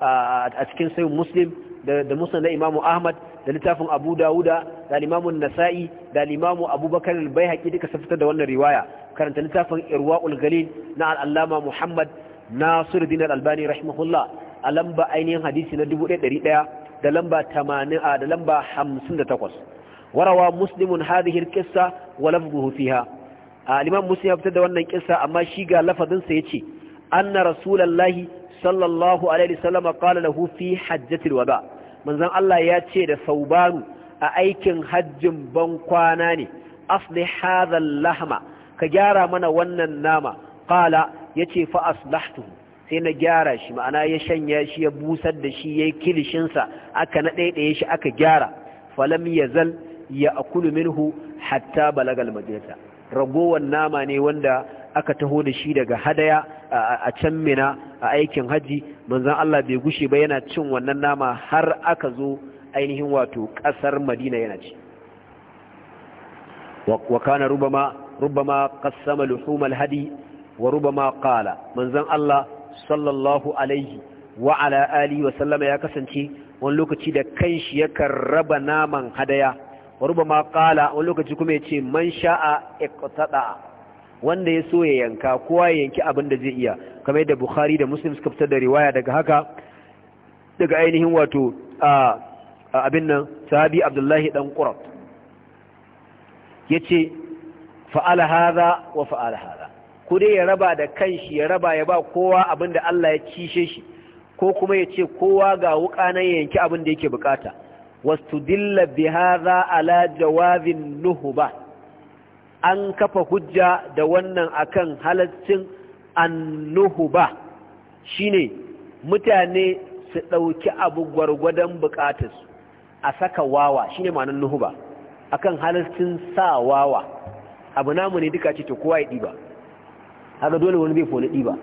a cikin sayin muslim da musnad na imamu ahmad da littafin abu dawuda da limamu nasa'i da limamu abubakar albayhaqi duka sun fitar da wannan riwaya karanta littafin irwaul galil na al'allama muhammad nasiruddin al-albani rahimahullah a lamba ainihin hadisi na 1100 da lamba 80 da lamba 58 warawa muslimun hadhihi al-qissa wa lafdhuhu fiha a imam muslim ya fitar da wannan kissa amma shi ga lafazin sa yace anna rasulullahi sallallahu alaihi wasallam qala lahu fi hajjatil wada manzon Allah ya ce da saubanu a aikin hajjin ban kwana ne asli hadha lahma ka gyara mana wannan nama ya ce fa aslahtu sai na gyara shi ma'ana ya shanya shi ya busar da shi yayi yi kilishinsa. aka na daidaye shi aka gyara falam yazal ya akulu minhu hatta balagal madinata ragowar nama ne wanda aka taho da shi daga hadaya a can mina a aikin hajji manzon Allah bai gushe ba yana cin wannan nama har aka zo ainihin wato kasar Madina yana ci wa kana rubama rubama qassama luhum alhadi wa rubama qala manzan Allah sallallahu alaihi wa ala alihi wa sallama ya kasance wani lokaci da kan kanshi yakan raba naman hadaya wa rubama qala wani lokaci kuma yace man sha'a iqtada wanda ya so ya yanka kowa ya yanki abin da zai iya kamar yadda bukhari da muslim suka fitar da riwaya daga haka daga ainihin wato abin nan sahabi abdullahi dan qurat yace fa'ala hadha wa fa'ala hadha ko dai ya raba da kanshi ya raba ya ba kowa abin da Allah ya cishe shi ko kuma yace kowa ga wuka nan ya yanki abin da yake bukata wastudilla bi hadha ala jawazin nuhbah an kafa hujja da wannan akan halaccin annuhuba shine mutane su ɗauki abu gwargwadon buƙatarsu a saka wawa shine ma'anar nuhuba akan halaccin sa wawa abu namu ne duka ce to kowa ya ɗiba haka dole wani zai foni ɗiba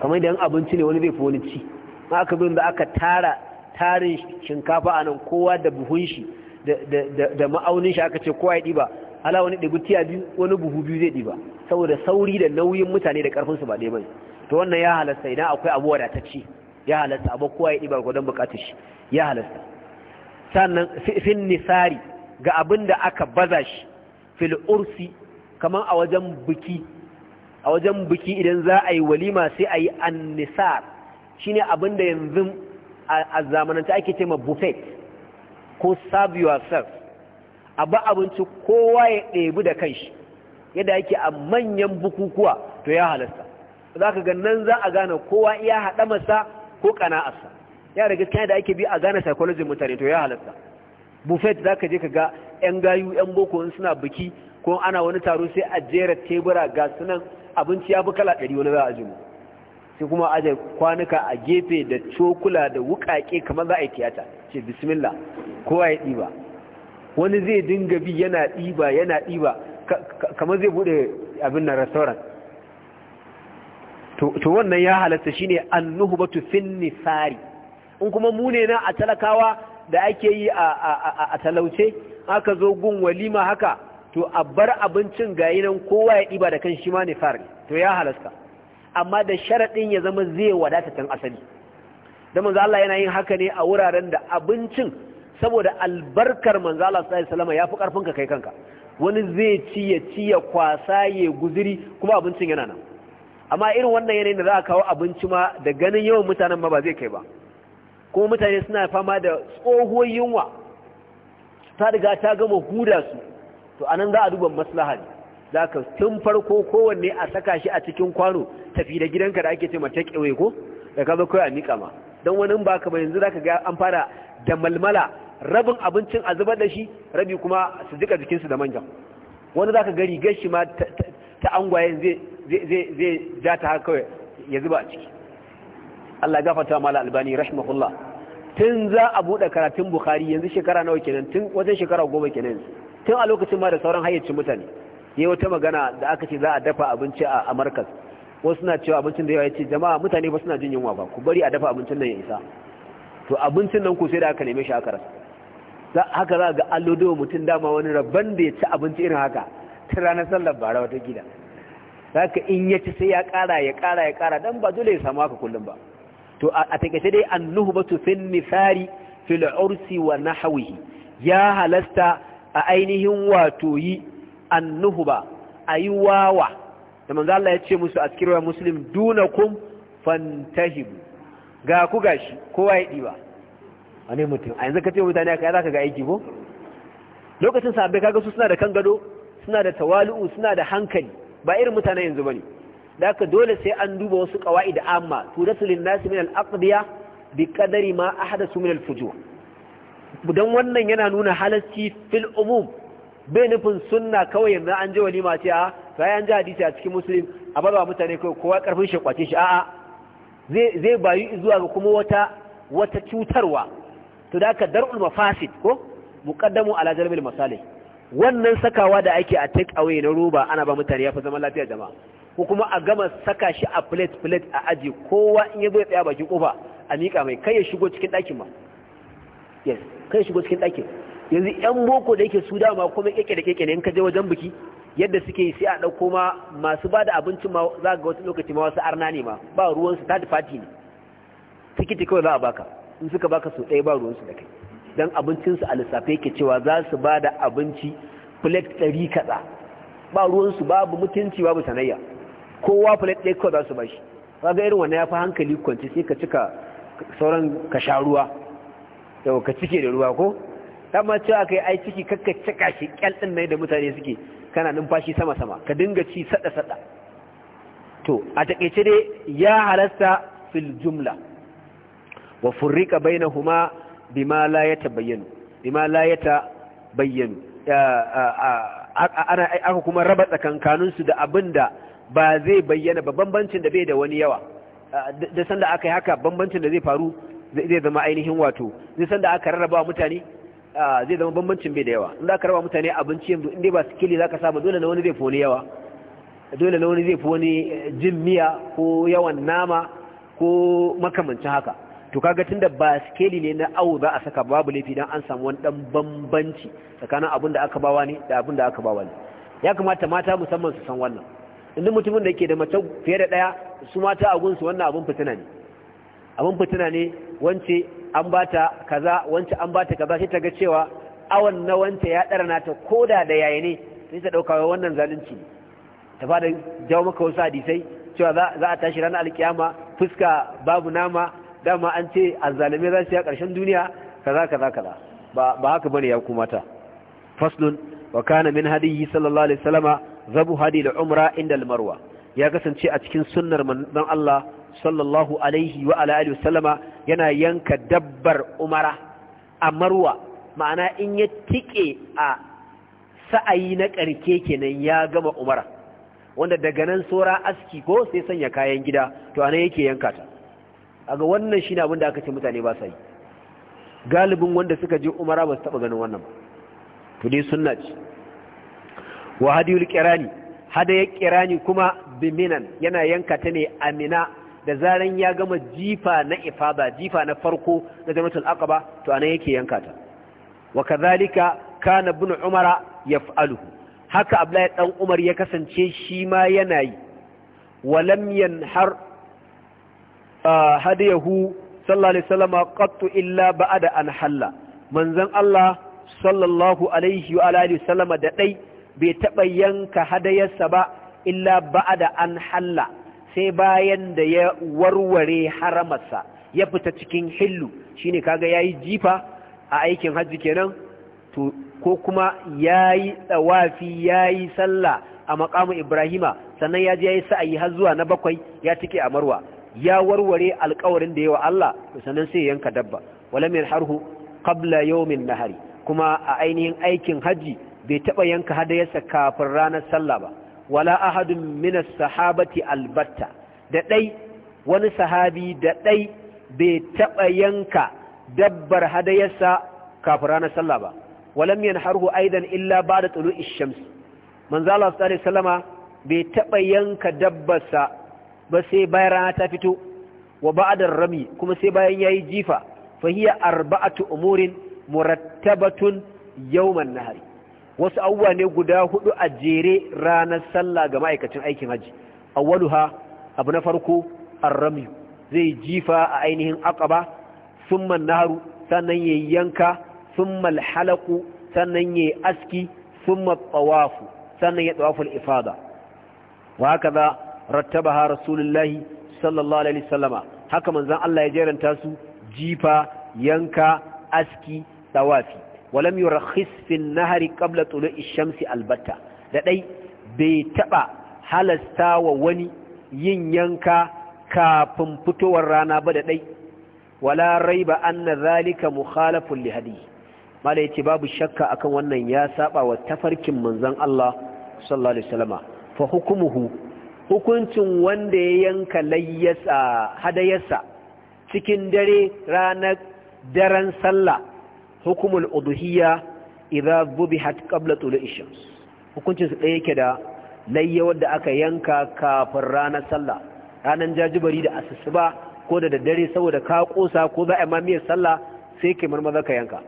kamar idan abinci ne wani zai foni ci ma aka zo da aka tara tarin shinkafa a nan kowa da buhun shi da ma'aunin shi aka ce kowa ya ɗiba ala wani ɗigu tiya biyu wani buhu biyu zai ɗiba saboda sauri da nauyin mutane da ƙarfinsu ba ɗaya bane to wannan ya halasta idan akwai abu wadatacce ya halasta abu kowa ya ɗiba gwadon buƙatar shi ya halasta sannan fin nisari ga abin da aka baza shi fil ursi kamar a wajen biki a wajen buki idan za a yi walima sai a yi annisar shine abin da yanzu a zamanance ake ce ma buffet ko serve yourself a ba abinci kowa ya ɗebi da kanshi yadda yake a manyan bukukuwa to ya halasta za ka ga nan za a gane kowa iya haɗa masa ko ƙana'arsa ya da gaskiya da ake bi a gane psychology mutane to ya halasta buffet za ka je ka ga 'yan gayu 'yan boko in suna biki ko ana wani taro sai a jera tebura ga sunan abinci ya fi kala ɗari wani za a jimu sai kuma aje kwanuka a gefe da cokula da wukaƙe kamar za a yi tiyata ce bismillah kowa ya ɗiba wani zai dinga bi yana ɗiba yana ɗiba kamar zai bude abin na restaurant to wannan ya halatta shine batu fin fari. in kuma mune na a talakawa da ake yi a talauce aka zo gun walima haka to a bar abincin gayi nan kowa ya ɗiba da kan shi ma fari. to ya halasta amma da sharaɗin ya zama zai wadata tan asali da manzo Allah yana yin haka ne a wuraren da abincin saboda albarkar manzo Allah sallallahu alaihi yafi karfin ka kai kanka wani zai ci ya ci ya kwasa ya guziri kuma abincin yana nan amma irin wannan yanayin da za a kawo abinci ma da ganin yawan mutanen ma ba zai kai ba kuma mutane suna fama da tsohuwar yunwa ta riga ta gama huda su to anan za a duba maslaha ne za ka tun farko kowanne a saka shi a cikin kwano tafi da gidanka da ake ce take kewe ko da ka zo kawai a miƙa ma don wani ba ka ba yanzu za ka ga an fara da malmala rabin abincin a zubar da shi rabi kuma su jika jikinsu da manja wani zaka ka gari gashi ma ta angwayen zai ja ta haka ya zuba a ciki Allah ya gafarta mala albani rahimahullah tun za a buɗe karatun bukhari yanzu shekara nawa kenan tun wajen shekara goma kenan tun a lokacin ma da sauran hayyacin mutane ya wata magana da aka ce za a dafa abinci a Amurka wasu na cewa abincin da yawa ce jama'a mutane ba suna jin yunwa ba ku bari a dafa abincin nan ya isa to abincin nan ku sai da aka neme shi aka rasa haka za ga allodo mutum dama wani rabban da ya ci abinci irin haka ta ranar sallar bara wata gida za ka in ya ci sai ya kara ya kara ya kara dan ba dole ya samu haka kullum ba to a takaice dai annuhu batu fin misari fil ursi wa nahwihi ya halasta a ainihin wato yi annuhu ba a yi wawa da manzo Allah ya ce musu a cikin muslim dunakum fantahibu ga ku gashi kowa ya diba wani mutum a yanzu ka ce mutane aka za ka ga aiki ko lokacin sabbai kaga su suna da kan gado suna da tawali'u suna da hankali ba irin mutane yanzu bane da haka dole sai an duba wasu qawaid amma tudatu linnasi nasi min al-aqdiya bi qadari ma ahadathu min al-fujur dan wannan yana nuna halacci fil umum bai nufin sunna kawai yanzu an je walima ce a sai an ji hadisi a cikin muslim a barwa mutane kawai kowa karfin shi kwace shi a'a zai zai bayu zuwa ga kuma wata wata cutarwa to da aka dar'ul mafasid ko muqaddamu ala jalbil masalih wannan sakawa da ake a take away na roba ana ba mutane yafi zaman lafiya jama'a ko kuma a gama saka shi a plate plate a aji kowa in ya zo ya tsaya baki kofa a mika mai kai ya shigo cikin ɗakin ma yes kai ya shigo cikin ɗakin yanzu yan boko da yake su dama kuma keke da keke ne in ka je wajen biki yadda suke yi sai a dauko ma masu ba da abincin ma za ga wasu lokaci ma wasu arna ne ma ba ruwansu da fati ne tikiti kawai za a baka in suka baka so ɗaya ba ruwansu da kai don abincinsu a lissafe yake cewa za su ba da abinci filet ɗari kaza ba ruwansu babu mutunci babu sanayya kowa filet ɗaya kawai za su ba shi ga irin wannan ya fi hankali kwanci sai ka cika sauran ka sha ruwa yau ka cike da ruwa ko dama cewa kai ai ciki kakka cika shi kyal din da mutane suke kana numfashi sama sama ka dinga ci sada saɗa to a takeice dai ya halasta fil jumla wa furrika bainahuma bima la yatabayyanu bima la yatabayyanu ana aka kuma raba tsakankanin su da abinda ba zai bayyana ba bambancin da bai da wani yawa da sanda aka yi haka bambancin da zai faru zai zama ainihin wato zai sanda aka rarraba mutane zai zama bambancin bai da yawa inda aka raba mutane abinci yanzu inda ba sikili zaka samu dole na wani zai fi wani yawa dole na wani zai fi wani eh, jin miya ko yawan nama ko makamancin haka to kaga tunda ba skeli ne na awo za a saka babu laifi dan an samu wani dan bambanci tsakanin abin da aka bawa ne da abin da aka bawa ne ya kamata mata musamman su san wannan inda mutumin da yake da mace fiye da daya su mata a gunsu wannan abin fitina ne abin fitina ne wance an bata kaza wance an bata kaza sai ta ga cewa awon na wance ya dara ta koda da yayi ne sai ta dauka wannan zalunci ta fara jawo maka wasu hadisai cewa za a tashi ranar alkiyama fuska babu nama dama an ce azzalime za su yi a ƙarshen duniya kaza kaza kaza ba haka bane ya kuma ta faslun wa kana min hadiyi sallallahu alaihi wasallama zabu hadi da umra inda almarwa ya kasance a cikin sunnar manzon Allah sallallahu alaihi wa ala alihi wasallama yana yanka dabbar umara a marwa ma'ana in ya tike a sa'ayi na karke kenan ya gama umara wanda daga nan sora aski ko sai sanya kayan gida to anan yake yanka ta Aga wannan shine abin da aka ce mutane ba sa yi galibin wanda suka je umara ba su taba ganin wannan to dai sunna ce wa hadiyul qirani hadaya qirani kuma biminan yana yanka ta ne amina da zaran ya gama jifa na ifaba jifa na farko na jamatul aqaba to anan yake yanka ta wa kadhalika kana ibn umara yaf'aluhu haka abdullahi dan umar ya kasance shi ma yana yi walam yanhar hadiyahu sallallahu alaihi wasallama qattu illa ba'da an halla manzon Allah sallallahu alaihi wa alihi wasallama da dai bai taba yanka hadayarsa ba illa ba'da an halla sai bayan da ya warware haramarsa ya fita cikin hillu shine kaga yayi jifa a aikin hajji kenan to ko kuma yayi tsawafi yayi sallah a maqamu ibrahima sannan ya je yayi sa'ayi har zuwa na bakwai ya tike a marwa ya warware alƙawarin da yawa Allah sannan sai yanka dabba walam harhu qabla yawmin nahari kuma a ainihin aikin haji bai taba yanka hadayarsa kafin ranar sallah ba wala ahadun min as-sahabati albatta da dai wani sahabi da dai bai taba yanka dabbar hadayarsa kafin ranar sallah ba walam harhu aidan illa ba'da tulu'ish shams manzo Allah sallallahu alaihi wasallama bai taba yanka dabbarsa ba sai bayan rana ta fito wa ba'adar rami kuma sai bayan yayi jifa fa hiya arba'atu umurin murattabatun yawman nahari wasu abubuwa ne guda hudu a jere ranar sallah ga ma'aikacin aikin haji awwaluha abu na farko arrami zai jifa a ainihin aqaba thumma naharu sannan yayi yanka thumma alhalaqu sannan yayi aski thumma tawafu sannan ya tawaful ifada wa hakaza rattabaha rasulullahi sallallahu alaihi wasallama haka manzon Allah ya jeranta su jifa yanka aski tawafi walam yurakhis fi an-nahri qabla tulu'i shamsi albatta da dai bai taba halasta wa wani yin yanka kafin fitowar rana ba da dai wala raiba anna zalika mukhalafun li hadiyi mala babu shakka akan wannan ya saba wa tafarkin manzon Allah sallallahu alaihi wasallama fa hukumuhu hukuncin wanda ya yanka layyasa hadayarsa cikin dare ranar daren sallah hukumul Uduhiya idza dhubihat qabla tulu'i shams hukuncin su ɗaya yake da layya wanda aka yanka kafin ranar sallah ranar jajibari da asusuba ko da daddare saboda ka kosa ko za a mamiyar sallah sai kai marmaza ka yanka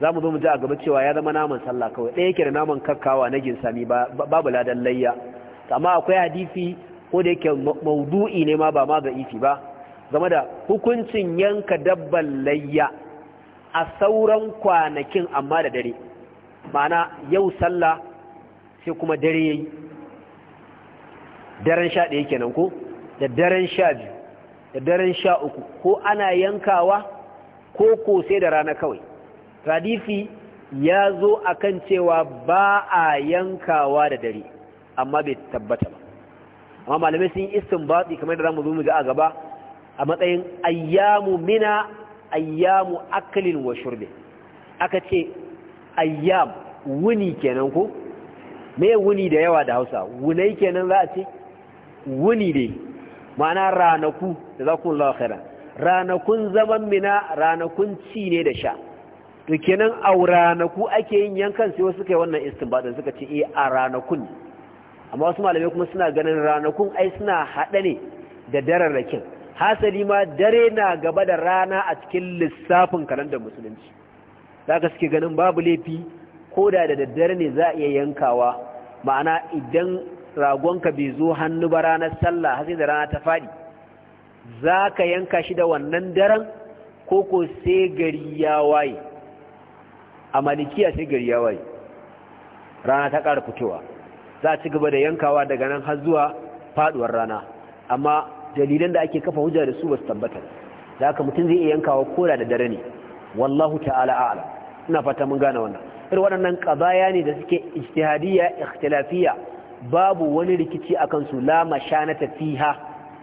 za mu zo mu ji a gaba cewa ya zama naman sallah kawai ɗaya yake da naman kakkawa na ginsami babu ladan layya amma akwai hadisi ko da yake maudu'i ne ma ba ma da ifi ba game da hukuncin yanka dabban layya a sauran kwanakin amma da dare ma'ana yau sallah sai kuma dare yayi daren sha ɗaya kenan ko da daren sha biyu da daren sha uku ko ana yankawa ko ko sai da rana kawai radifi ya zo akan cewa ba a yankawa da dare amma bai tabbata ba amma malamai sun yi baɗi kamar da zamu zo mu ga a gaba a matsayin ayyamu mina ayyamu akalin wa shurbi aka ce ayyam wuni kenan ko me wuni da yawa da Hausa wunai kenan za a ce wuni dai ma'ana ranaku da za ku Allah ranakun zaman mina ranakun ci ne da sha to kenan a ranaku ake yin yankan sai wasu kai wannan baɗin suka ce eh a ranakun amma wasu malamai kuma suna ganin ranakun ai suna haɗa ne da dararrakin hasali ma dare na gaba da rana a cikin lissafin kalandar musulunci za ka suke ganin babu laifi ko da da daddare ne za a iya yankawa ma'ana idan ragonka bai zo hannu ba ranar sallah har da rana ta faɗi za ka yanka shi da wannan daren ko ko sai gari ya waye a malikiya sai gari ya waye rana ta ƙara fitowa za a ci gaba da yankawa daga nan har zuwa faduwar rana amma dalilan da ake kafa hujja da su ba tabbata da haka mutum zai iya yankawa ko da dare ne wallahu ta'ala a'lam ina fata mun gane wannan irin waɗannan qadaya ne da suke ijtihadiyya ikhtilafiyya babu wani rikici akan su la mashanata fiha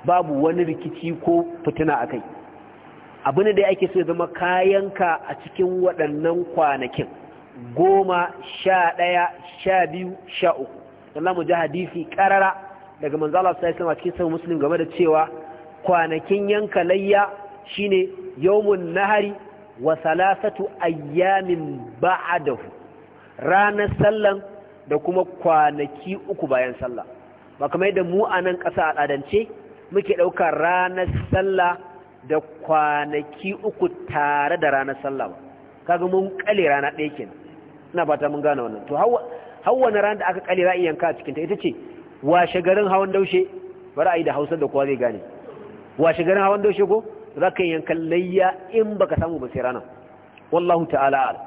babu wani rikici ko fitina akai abin da ake so ya zama kayanka a cikin waɗannan kwanakin goma sha ɗaya sha biyu sha uku sannan mu ji hadisi karara daga manzo Allah sallallahu alaihi wasallam cikin sahih muslim game da cewa kwanakin yanka layya shine yawmun nahari wa salasatu ayyamin ba'dahu ranar sallan da kuma kwanaki uku bayan sallah ba kamar yadda mu a nan ƙasa al'adance muke ɗaukar ranar sallah da kwanaki uku tare da ranar sallah ba kaga mun kale rana ɗaya kenan ina fata mun gane wannan to har ran da aka kale ra'ayi yanka a cikinta ita ce washe garin hawan daushe Ba ra'ayi da hausa da kowa zai gane washe garin hawan daushe ko za ka yankan layya in baka samu ba sai ranar wallahu ta'ala al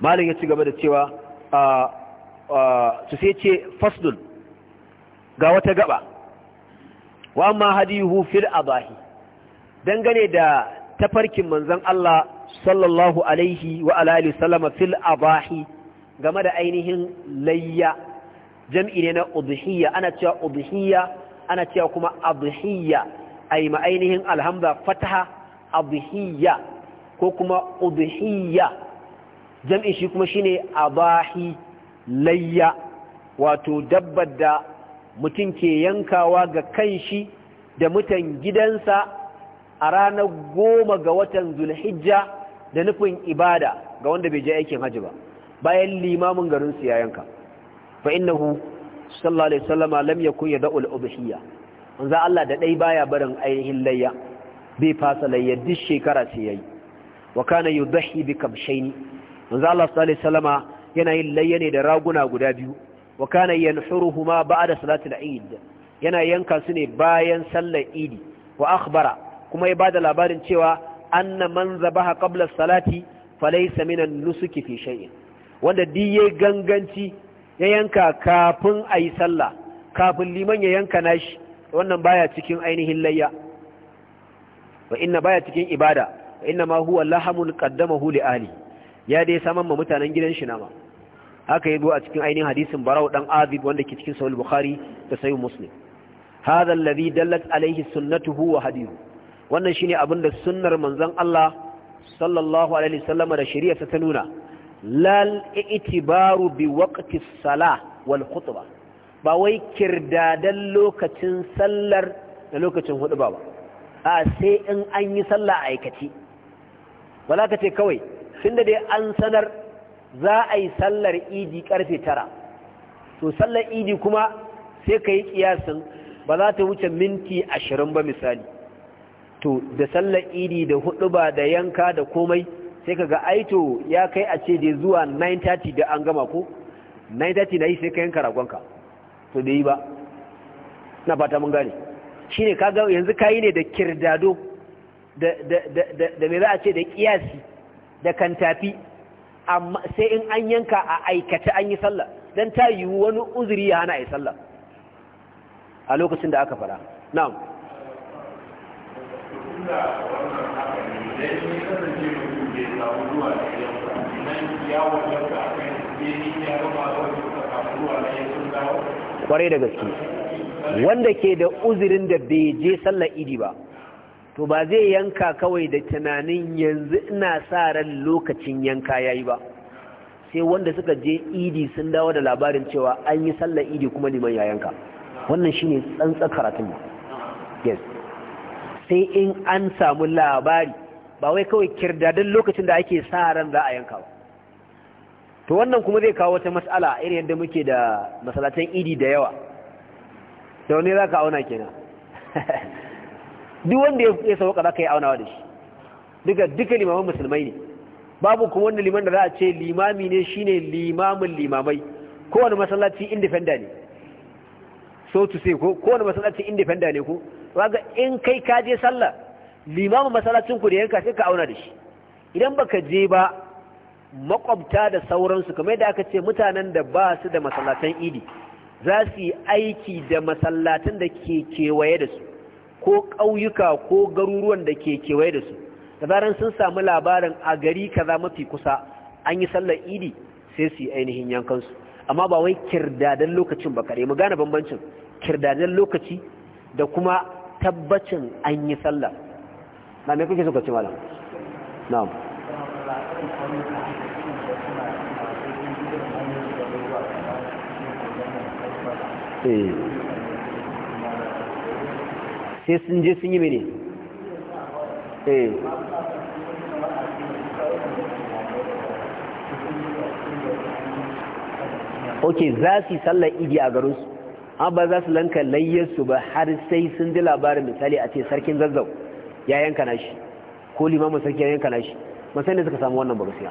malin ya ci gaba da cewa su sai ce fasdul ga wata gaba wa amma hadihu fil abahi dangane da tafarkin manzon Allah sallallahu alaihi wa alihi sallama fil abahi game da ainihin layya jam'i ne na udhiyya ana cewa udhiyya ana cewa kuma adhiyya ay ma ainihin alhamza fataha adhiyya ko kuma udhiyya jam'i shi kuma shine abahi layya wato dabbar da mutum ke yankawa ga kanshi da mutan gidansa a ranar goma ga watan zulhijja da nufin ibada ga wanda bai je aikin hajji ba bayan limamin garin su ya yanka fa innahu sallallahu alaihi wasallama lam yakun yad'u al-udhiyya manzo Allah da dai baya barin ainihin layya bai fasa layya duk shekara sai yayi wa kana yudhi bi kabshaini manzo Allah sallallahu alaihi wasallama yana yin layya ne da raguna guda biyu wa kana yanhuruhuma ba'da salatil eid yana yanka su ne bayan sallar idi wa akhbara kuma ya bada labarin cewa anna man zabaha qabla salati falaysa minan nusuki fi shay'in wanda diye ganganci ya yanka kafin a yi sallah kafin liman ya yanka nashi wannan baya cikin ainihin layya wa inna baya cikin ibada wa inna ma huwa lahamun qaddamahu li Ali. ya dai saman ma mutanen gidan shi nama haka yabo a cikin ainihin hadisin barau dan azib wanda ke cikin sahih bukhari da sahih muslim hadha alladhi dallat alayhi sunnatuhu wa hadithu wannan shine abinda sunnar manzon Allah sallallahu alaihi wasallama da shari'a ta nuna lal itibaru bi waqti sala wal khutba ba wai kirdadan lokacin sallar da lokacin hudba ba a sai in an yi sallah aikaci ba ka ce kawai tunda dai an sanar za a yi sallar idi karfe tara to sallar idi kuma sai ka yi kiyasin ba za ta wuce minti ashirin ba misali to da sallar idi da hudu da yanka da komai sai kaga aito ya kai a ce dai zuwa 9:30 da an gama ko 9:30 na yi sai ka yanka ragonka to da yi ba na fata mun gane shi ne kaga yanzu kayi ne da kirdado da mai za a ce da kiyasi da kantafi amma sai in an yanka a aikata an yi sallah don ta yiwu wani uzuri ya hana a yi sallah a lokacin da aka fara na'am kwarai da gaske wanda ke da uzirin da bai je sallar idi ba to ba zai yanka kawai da tunanin yanzu ina sa ran lokacin yanka ya yi ba sai wanda suka je idi sun dawo da labarin cewa an yi sallar idi kuma liman ya yanka wannan shi ne tsantsar karatun yes sai in an samu labari ba wai kawai kirdadin lokacin da ake sa ran za a yanka ba to wannan kuma zai kawo wata mas'ala irin yadda muke da masalatan idi da yawa da wani za ka auna kenan duk wanda ya sauka za ka yi aunawa da shi duka duka limamin musulmai ne babu kuma wanda liman da za a ce limami ne shine limamin limamai kowane masallaci indifenda ne so to say ko kowane masallaci indifenda ne ko waga in kai ka je sallah limamin masallacin ku da yanka sai ka auna da shi idan baka je ba makwabta da sauransu kamar yadda aka ce mutanen da ba su da masallatan idi za su yi aiki da masallatan da ke kewaye da su ko ƙauyuka ko garuruwan da ke kewaye da su da sun samu labarin a gari kaza mafi kusa an yi sallar idi sai su yi ainihin yankansu amma ba wai kirdadan lokacin ba kare mu gane bambancin kirdadan lokaci da kuma tabbacin an yi sallah na me kuke so ce malam Na eh. sai eh. ok za su yi sallar idi a garinsu an ba za su lanka layyarsu ba har sai sun ji labarin misali a ce sarkin zazzau ya yanka nashi ko limamin sarki ya yanka nashi musan da suka samu wannan ba gaskiya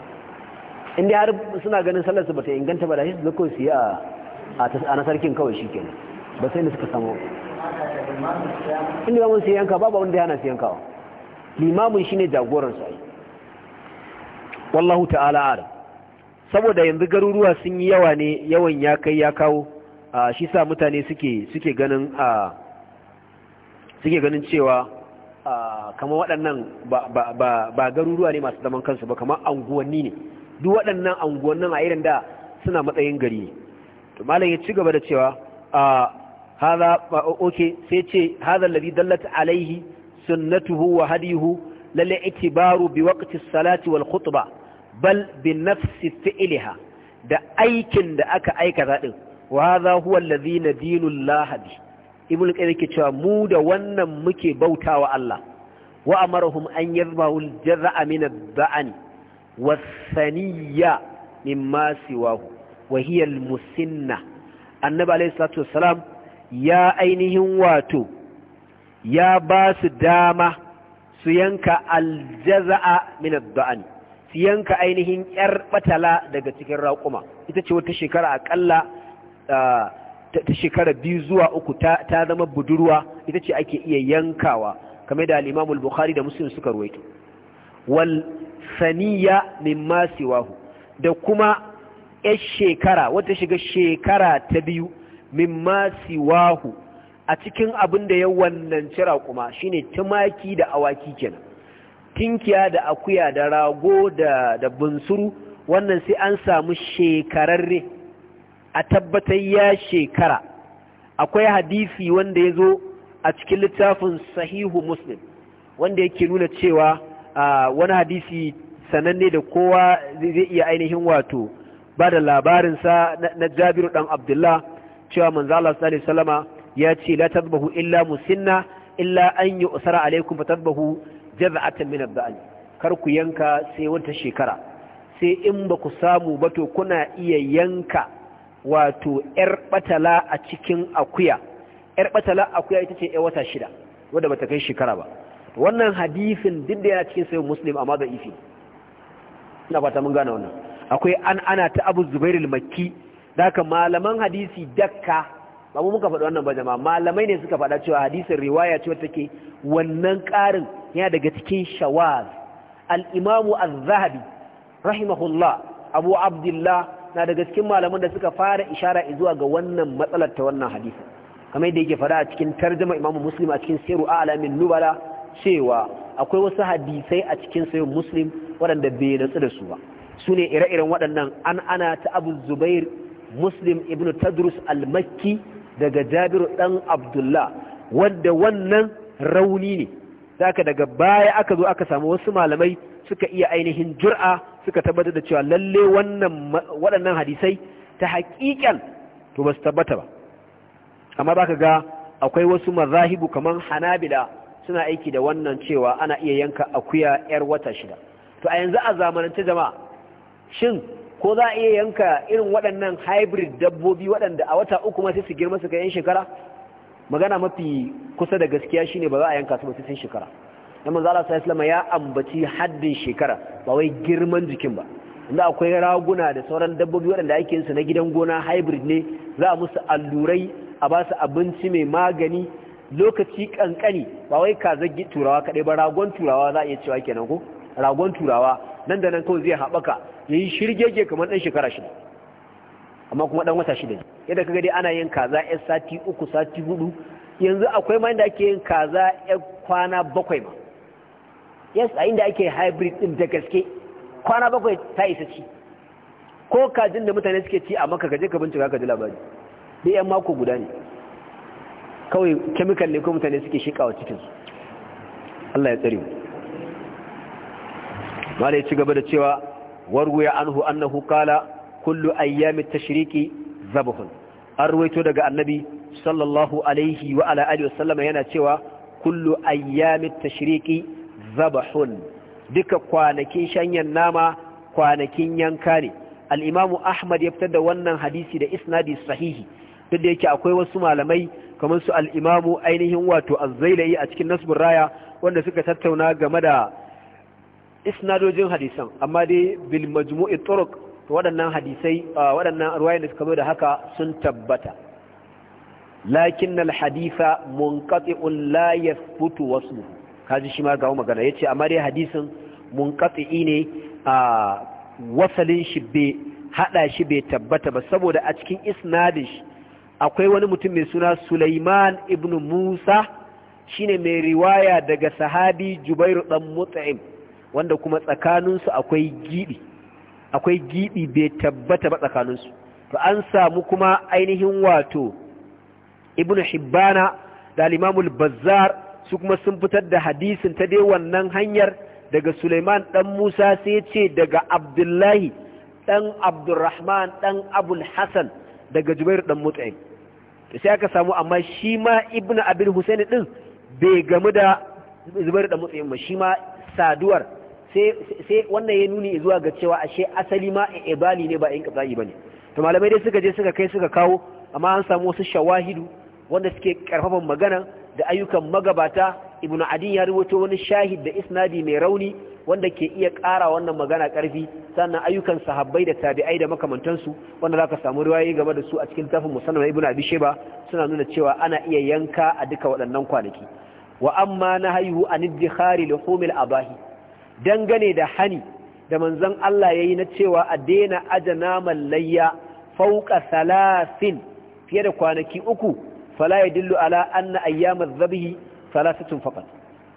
in dai har suna ganin sallar su bata inganta ba da shi zakon su a a na sarkin kawai shikenan ba sai ne suka samu in limamin su yanka babu wanda ya su yankawa limamin jagoran su wallahu ta'ala saboda yanzu garuruwa sun yi yawa ne yawan ya kai ya kawo shi sa mutane suke ganin suke ganin cewa kamar waɗannan ba garuruwa ne masu zaman kansu ba kamar anguwanni ne duk waɗannan anguwannin a irin da suna matsayin gari ne to malam ya ci gaba da cewa hadha oke sai ce haza alladhi dallata alaihi sunnatuhu wa hadihu lalle ake i'tibaru bi waƙacin salati wal khutbah bal bi nafsi fi'liha da aikin da aka aikata din wa haza huwa alladhi nadinu Allah bihi ibn qayyim yake cewa mu da wannan muke bautawa Allah wa amarahum an yadhbahu al-jar'a min ad-da'ani was-saniyya mimma siwahu wa hiya al-musinna annabi alayhi salatu wassalam ya ainihin wato ya ba su dama su yanka al-jaz'a min ad su yanka ainihin yar batala daga cikin raƙuma ita ce wata shekara akalla ah, ta shekara biyu zuwa uku ta zama budurwa ita ce ake iya yankawa kame da al'imamul bukhari da muslim suka ruwaito wal saniya masi wahu. da kuma yar shekara wata shiga shekara ta biyu masi wahu a cikin abin da ya wannan cira kuma shine tumaki da awaki kenan tinkiya da akuya da rago da bunsuru wannan sai an samu shekararre a tabbatar ya shekara akwai hadisi wanda ya zo a cikin littafin sahihu muslim wanda yake nuna cewa wani hadisi sananne da kowa zai iya ainihin wato ba da labarinsa na jabiru dan abdullah cewa manzo Allah sallallahu ya ce la tadbahu illa musinna illa an yi usara alaikum fatadbahu jaz'atan min ad-da'i kar ku yanka sai wata shekara sai in ba ku samu ba to kuna iya yanka wato ‘yar batala a cikin akuya ‘yar batala akuya ita ce ‘yar wata shida wadda ba ta kai shekara ba wannan hadifin duk da yana cikin sayin muslim amma da ifi ina ba ta mun gane wannan akwai an ana ta abu Zubairu makki da haka malaman hadisi dakka ba mu muka faɗi wannan ba jama'a malamai ne suka faɗa cewa hadisin riwaya ce take wannan ƙarin yana daga cikin shawaz al-imamu az-zahabi rahimahullah abu abdullah na daga cikin malaman da suka fara ishara zuwa ga wannan matsalar ta wannan hadisi kamar yadda yake fara a cikin tarjuma imamu muslim a cikin siru alamin nubala cewa akwai wasu hadisai a cikin sayin muslim waɗanda bai rantsu da su ba su ne ire-iren waɗannan an ana ta abu zubair muslim ibn tadrus al-makki daga jabiru Dan abdullah wanda wannan rauni ne zaka daga baya aka zo aka samu wasu malamai suka iya ainihin jur'a suka tabbatar da cewa lalle wannan waɗannan hadisai ta haƙiƙan to ba su tabbata ba amma za ka ga akwai wasu mazahibu kamar hanabila suna aiki da wannan cewa ana iya yanka akuya 'yar wata shida to a yanzu a zamanance jama'a shin ko za a iya yanka irin waɗannan hybrid dabbobi waɗanda a wata uku ma sai su girma su ga 'yan shekara magana mafi kusa da gaskiya shine ba za a yanka su ba sai sun shekara na manzo Allah sallallahu alaihi ya ambaci haddin shekara ba wai girman jikin ba inda akwai raguna da sauran dabbobi waɗanda ake su na gidan gona hybrid ne za a musu allurai a ba su abinci mai magani lokaci kankani ba wai kaza turawa kadai ba ragon turawa za a iya cewa kenan ko ragon turawa nan da nan kawai zai haɓaka ya yi shirgege kamar ɗan shekara shida amma kuma ɗan wata shida yadda kaga dai ana yin kaza yan sati uku sati hudu yanzu akwai ma inda ake yin kaza yan kwana bakwai ma yes a inda ake hybrid din da gaske kwana bakwai ta isa ci ko kajin da mutane suke ci a maka kaje ka bincika ka ji labari da yan mako guda ne kawai chemical ne ko mutane suke shikawa cikin su Allah ya tsare mu mala ya ci gaba da cewa warwaya anhu annahu qala kullu ayyami tashriqi zabhun an ruwaito daga annabi sallallahu alaihi wa ala alihi yana cewa kullu ayyami tashriqi zabahun duka kwanakin shanyan nama kwanakin yanka ne al'imamu ahmad ya fitar da wannan hadisi da isnadi sahihi duk da yake akwai wasu malamai kamar su al'imamu ainihin wato azzailai a cikin nasbin raya wanda suka tattauna game da isnadojin hadisan amma dai bil majmu'i turuk waɗannan hadisai waɗannan ruwayoyin da suka zo da haka sun tabbata lakin al haditha munqati'un la yathbutu wasluhu kaji shi ma ga magana ya ce amma dai hadisin mun ne a wasalin shi bai haɗa shi bai tabbata ba saboda a cikin isnadin shi akwai wani mutum mai suna Sulaiman ibn Musa shine mai riwaya daga sahabi Jubairu dan Mut'im wanda kuma tsakaninsu akwai gibi akwai gidi bai tabbata ba tsakaninsu to an samu kuma ainihin wato Ibn Hibbana da Imam bazzar su kuma sun fitar da hadisin ta dai wannan hanyar daga Suleiman ɗan Musa sai ce daga Abdullahi ɗan Abdurrahman ɗan Abul Hassan daga Jubair ɗan Mut'im. Da sai aka samu amma shi ma Ibn Abin Hussein ɗin bai gamu da Zubair ɗan Mut'im ba shi ma saduwar sai wannan ya nuni zuwa ga cewa ashe asali ma a ibali ne ba in ba ne. To malamai dai suka je suka kai suka kawo amma an samu wasu shawahidu wanda suke karfafan magana da ayyukan magabata ibn adin ya rubuto wani shahid da isnadi mai rauni wanda ke iya ƙara wannan magana ƙarfi sannan ayyukan sahabbai da tabi'ai da makamantansu wanda zaka samu riwayoyi game da su a cikin tafin musannad ibn abi sheba suna nuna cewa ana iya yanka a duka waɗannan kwanaki wa amma nahayuhu an idkhari luhumil abahi dangane da hani da manzon Allah yayi na cewa a daina aja naman layya fauƙa salasin fiye da kwanaki uku fala yadullu ala anna ayyam adh-dhabhi thalathatun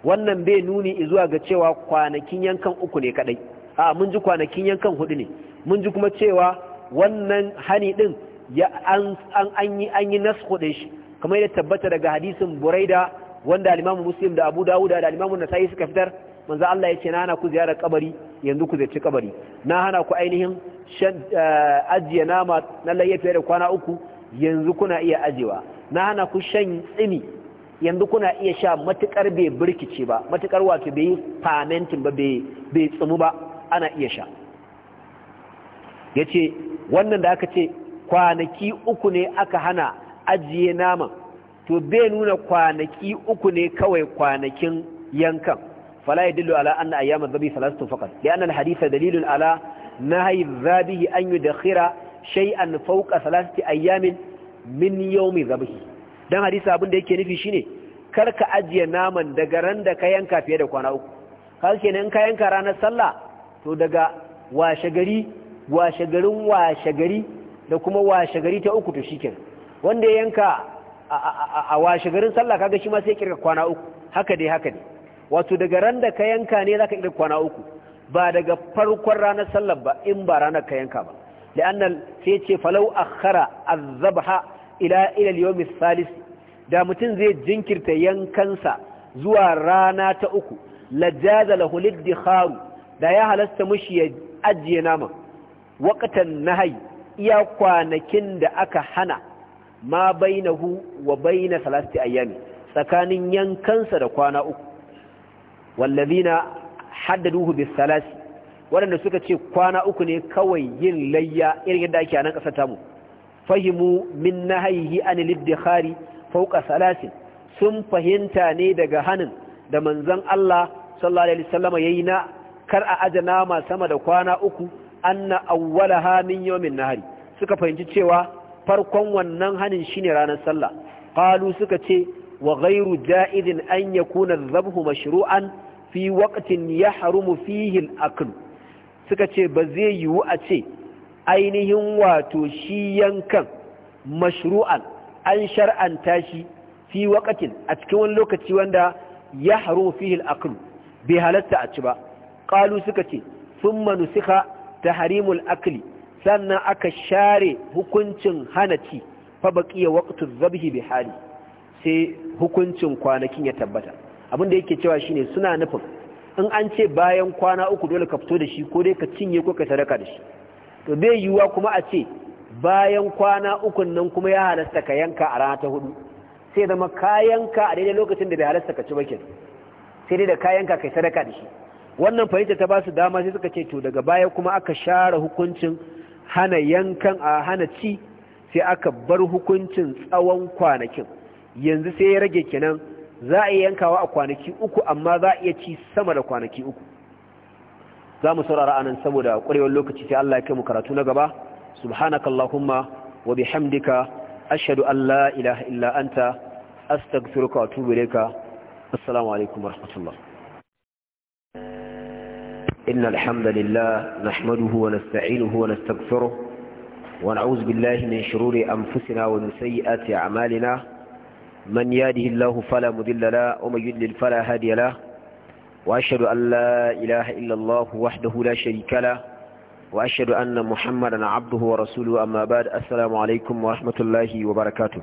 wannan bai nuni zuwa ga cewa kwanakin yankan uku ne kadai a mun ji kwanakin yankan hudu ne mun ji kuma cewa wannan hani din ya an an yi an yi nasxu shi kamar yadda tabbata daga hadisin Buraida wanda al-Imam Muslim da Abu Dawud da al-Imam Nasa'i suka fitar manzo Allah ce na hana ku ziyarar kabari yanzu ku ziyarci kabari na hana ku ainihin eh, ajiye nama na layyafi da kwana uku yanzu kuna iya ajewa na hana ku shan tsimi yanzu kuna iya sha matukar bai birkice ba matukar wato bai famentin ba bai tsimu ba ana iya sha yace wannan da aka ce kwanaki uku ne aka hana ajiye naman to bai nuna kwanaki uku ne kawai kwanakin yankan fala dillo ala anna ayyama zabi salatu faqat ya anna alhadith dalilun ala nahyi zabi an yudakhira shay'an fawqa thalathati ayyamin min yawmi zabihi dan hadisi abin da yake nufi shine kar ka ajiye naman daga ran da ka yanka fiye da kwana uku kaga kenan in ka yanka ranar sallah to daga washe gari washe garin washe gari da kuma washe gari ta uku to shiken. wanda ya yanka a washe garin sallah kaga shi ma sai kirka kwana uku haka dai haka dai wato daga ran da ka yanka ne zaka kirka kwana uku ba daga farkon ranar sallah ba in ba ranar ka yanka ba la'anna sai ce falau akhara az-zabha ila ila salis da mutum zai jinkirta yankansa zuwa rana ta uku lajaza lahu da ya halasta mushi ya ajiye nama wakatan nahai iya kwanakin da aka hana ma bainahu wa baina salasti ayyami tsakanin yankansa da kwana uku wallazina haddaduhu bis salasi waɗanda suka ce kwana uku ne kawai yin layya irin yadda ake a nan ƙasar tamu fahimu min nahayihi an liddikhari fawqa salasin sun fahimta ne daga hanin da manzon Allah sallallahu alaihi wasallam yayi na kar a aje nama sama da kwana uku anna awwalaha min yawmin nahari suka fahimci cewa farkon wannan hanin shine ranar sallah qalu suka ce wa ghairu ja'idin an yakuna adh-dhabhu mashru'an fi waqtin yahrumu fihi al-akl suka ce ba zai yiwu a ce ainihin wato shi yankan mashru'an an shar'anta shi fi a cikin wani lokaci wanda ya haru fihi al-aql bai halatta a ci ba qalu suka ce thumma nusikha tahrimul akli sannan aka share hukuncin hana ci fa baqiya waqtu zabihi bi hali sai hukuncin kwanakin ya tabbata abin da yake cewa shine suna nufin in an ce bayan kwana uku dole ka fito da shi ko dai ka cinye ko ka sadaka da shi to bai yiwuwa kuma a ce bayan kwana ukun nan kuma ya halasta ka yanka a rana ta hudu sai zama yanka a daidai lokacin da bai halasta ka ci ba kenan sai dai da ka kai sadaka da shi wannan fahimta ta ba su dama sai suka ce to daga baya kuma aka share hukuncin hana yankan a hana ci sai aka bar hukuncin tsawon kwanakin yanzu sai ya rage kenan za a yi yankawa a kwanaki uku amma za a iya ci sama da kwanaki uku za mu saurara anan saboda ƙwarewar lokaci sai Allah ya kai mu karatu na gaba subhanakallahumma wa bihamdika ashhadu an la ilaha illa anta astaghfiruka wa atubu ilayka assalamu alaikum wa rahmatullah إن الحمد لله نحمده ونستعينه ونستغفره ونعوذ بالله من شرور أنفسنا ومن سيئات أعمالنا من يهده الله فلا مضل له ومن يضلل فلا هادي له وأشهد أن لا إله إلا الله وحده لا شريك له وأشهد أن محمدا عبده ورسوله أما بعد السلام عليكم ورحمة الله وبركاته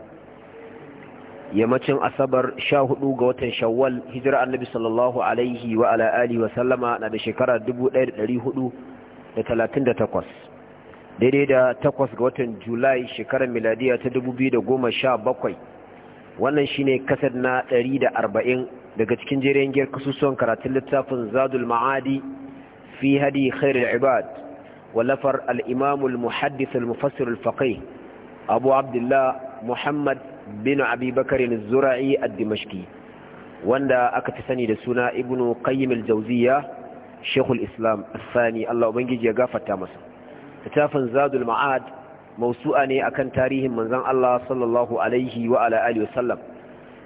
yammacin asabar sha hudu ga watan shawwal hijira annabi sallallahu alaihi wa ala alihi da sallama na da shekara 1438 daidai da takwas ga watan julai shekarar miladiya ta 2017 wannan shine kasar na 140 daga cikin jerin giyar kasusuwan karatun littafin zadul ma'adi fi hadi khairul ibad wallafar al-imam al-muhaddith al-mufassir al-faqih abu abdullah muhammad bin abi bakr az-zura'i ad-dimashqi wanda aka fi sani da suna ibnu qayyim al-jawziyya islam al sani Allah ubangiji ya gafarta masu littafin zadul ma'ad mausu'a ne akan tarihin manzon Allah sallallahu alaihi wa ala alihi wasallam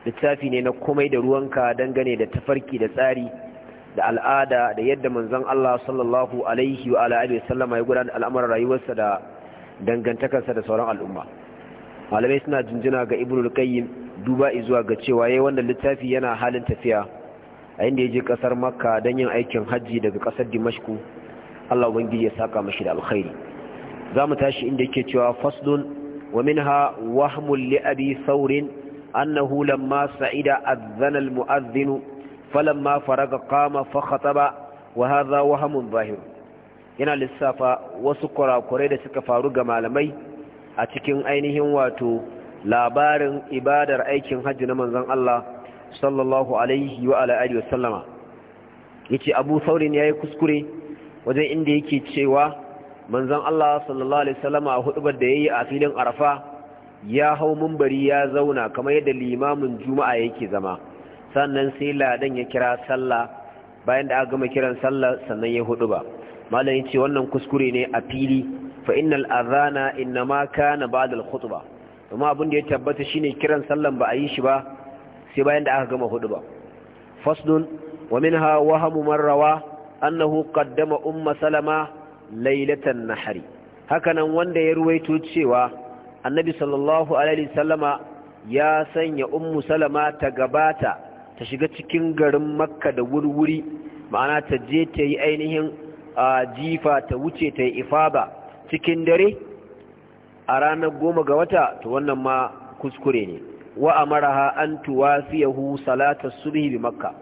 littafi ne na komai da ruwanka dangane da tafarki da tsari da al'ada da yadda manzon Allah sallallahu alaihi wa ala alihi wasallama ya gudanar al'amuran rayuwarsa da dangantakarsa da sauran al'umma malamai suna jinjina ga al qayyim duba zuwa ga cewa yayin wannan littafi yana halin tafiya a inda yaje kasar makka don yin aikin hajji daga kasar dimashku Allah ubangiji ya saka mashi da alkhairi za mu tashi inda yake cewa faslun wa minha wahmul li abi saurin annahu lamma sa'ida adhana al mu'adhdhin falamma faraga qama fa khataba wa hadha wahmun zahir yana lissafa wasu kurakurai da suka faru ga malamai a cikin ainihin wato labarin ibadar aikin hajji na manzon Allah sallallahu alaihi wa ala alihi wa sallama yace Abu Saurin yayi kuskure wajen inda yake cewa manzon Allah sallallahu alaihi Salama a hudubar da ya yi a filin Arafa ya hau mumbari ya zauna kamar yadda limamin juma'a yake zama sannan sai ladan ya kira sallah bayan da aka gama kiran sallah sannan ya ba. malam yace wannan kuskure ne a fili fa innal adhana inma kana ba'da al khutba kuma abin da ya tabbata shine kiran sallan ba a yi shi ba sai bayan da aka gama ba. Fasdun, wa min wahamu man rawa annahu qaddama umma salama lailatan nahari hakanan wanda ya ruwaito cewa annabi sallallahu alaihi sallama ya sanya ummu salama ta gabata ta shiga cikin garin makka da wurwuri ma'ana ta je ta yi ainihin jifa ta wuce ta yi ifaba cikin dare a ranar goma ga wata to wannan ma kuskure ne wa amaraha an tuwafiyahu salata subhi bi makka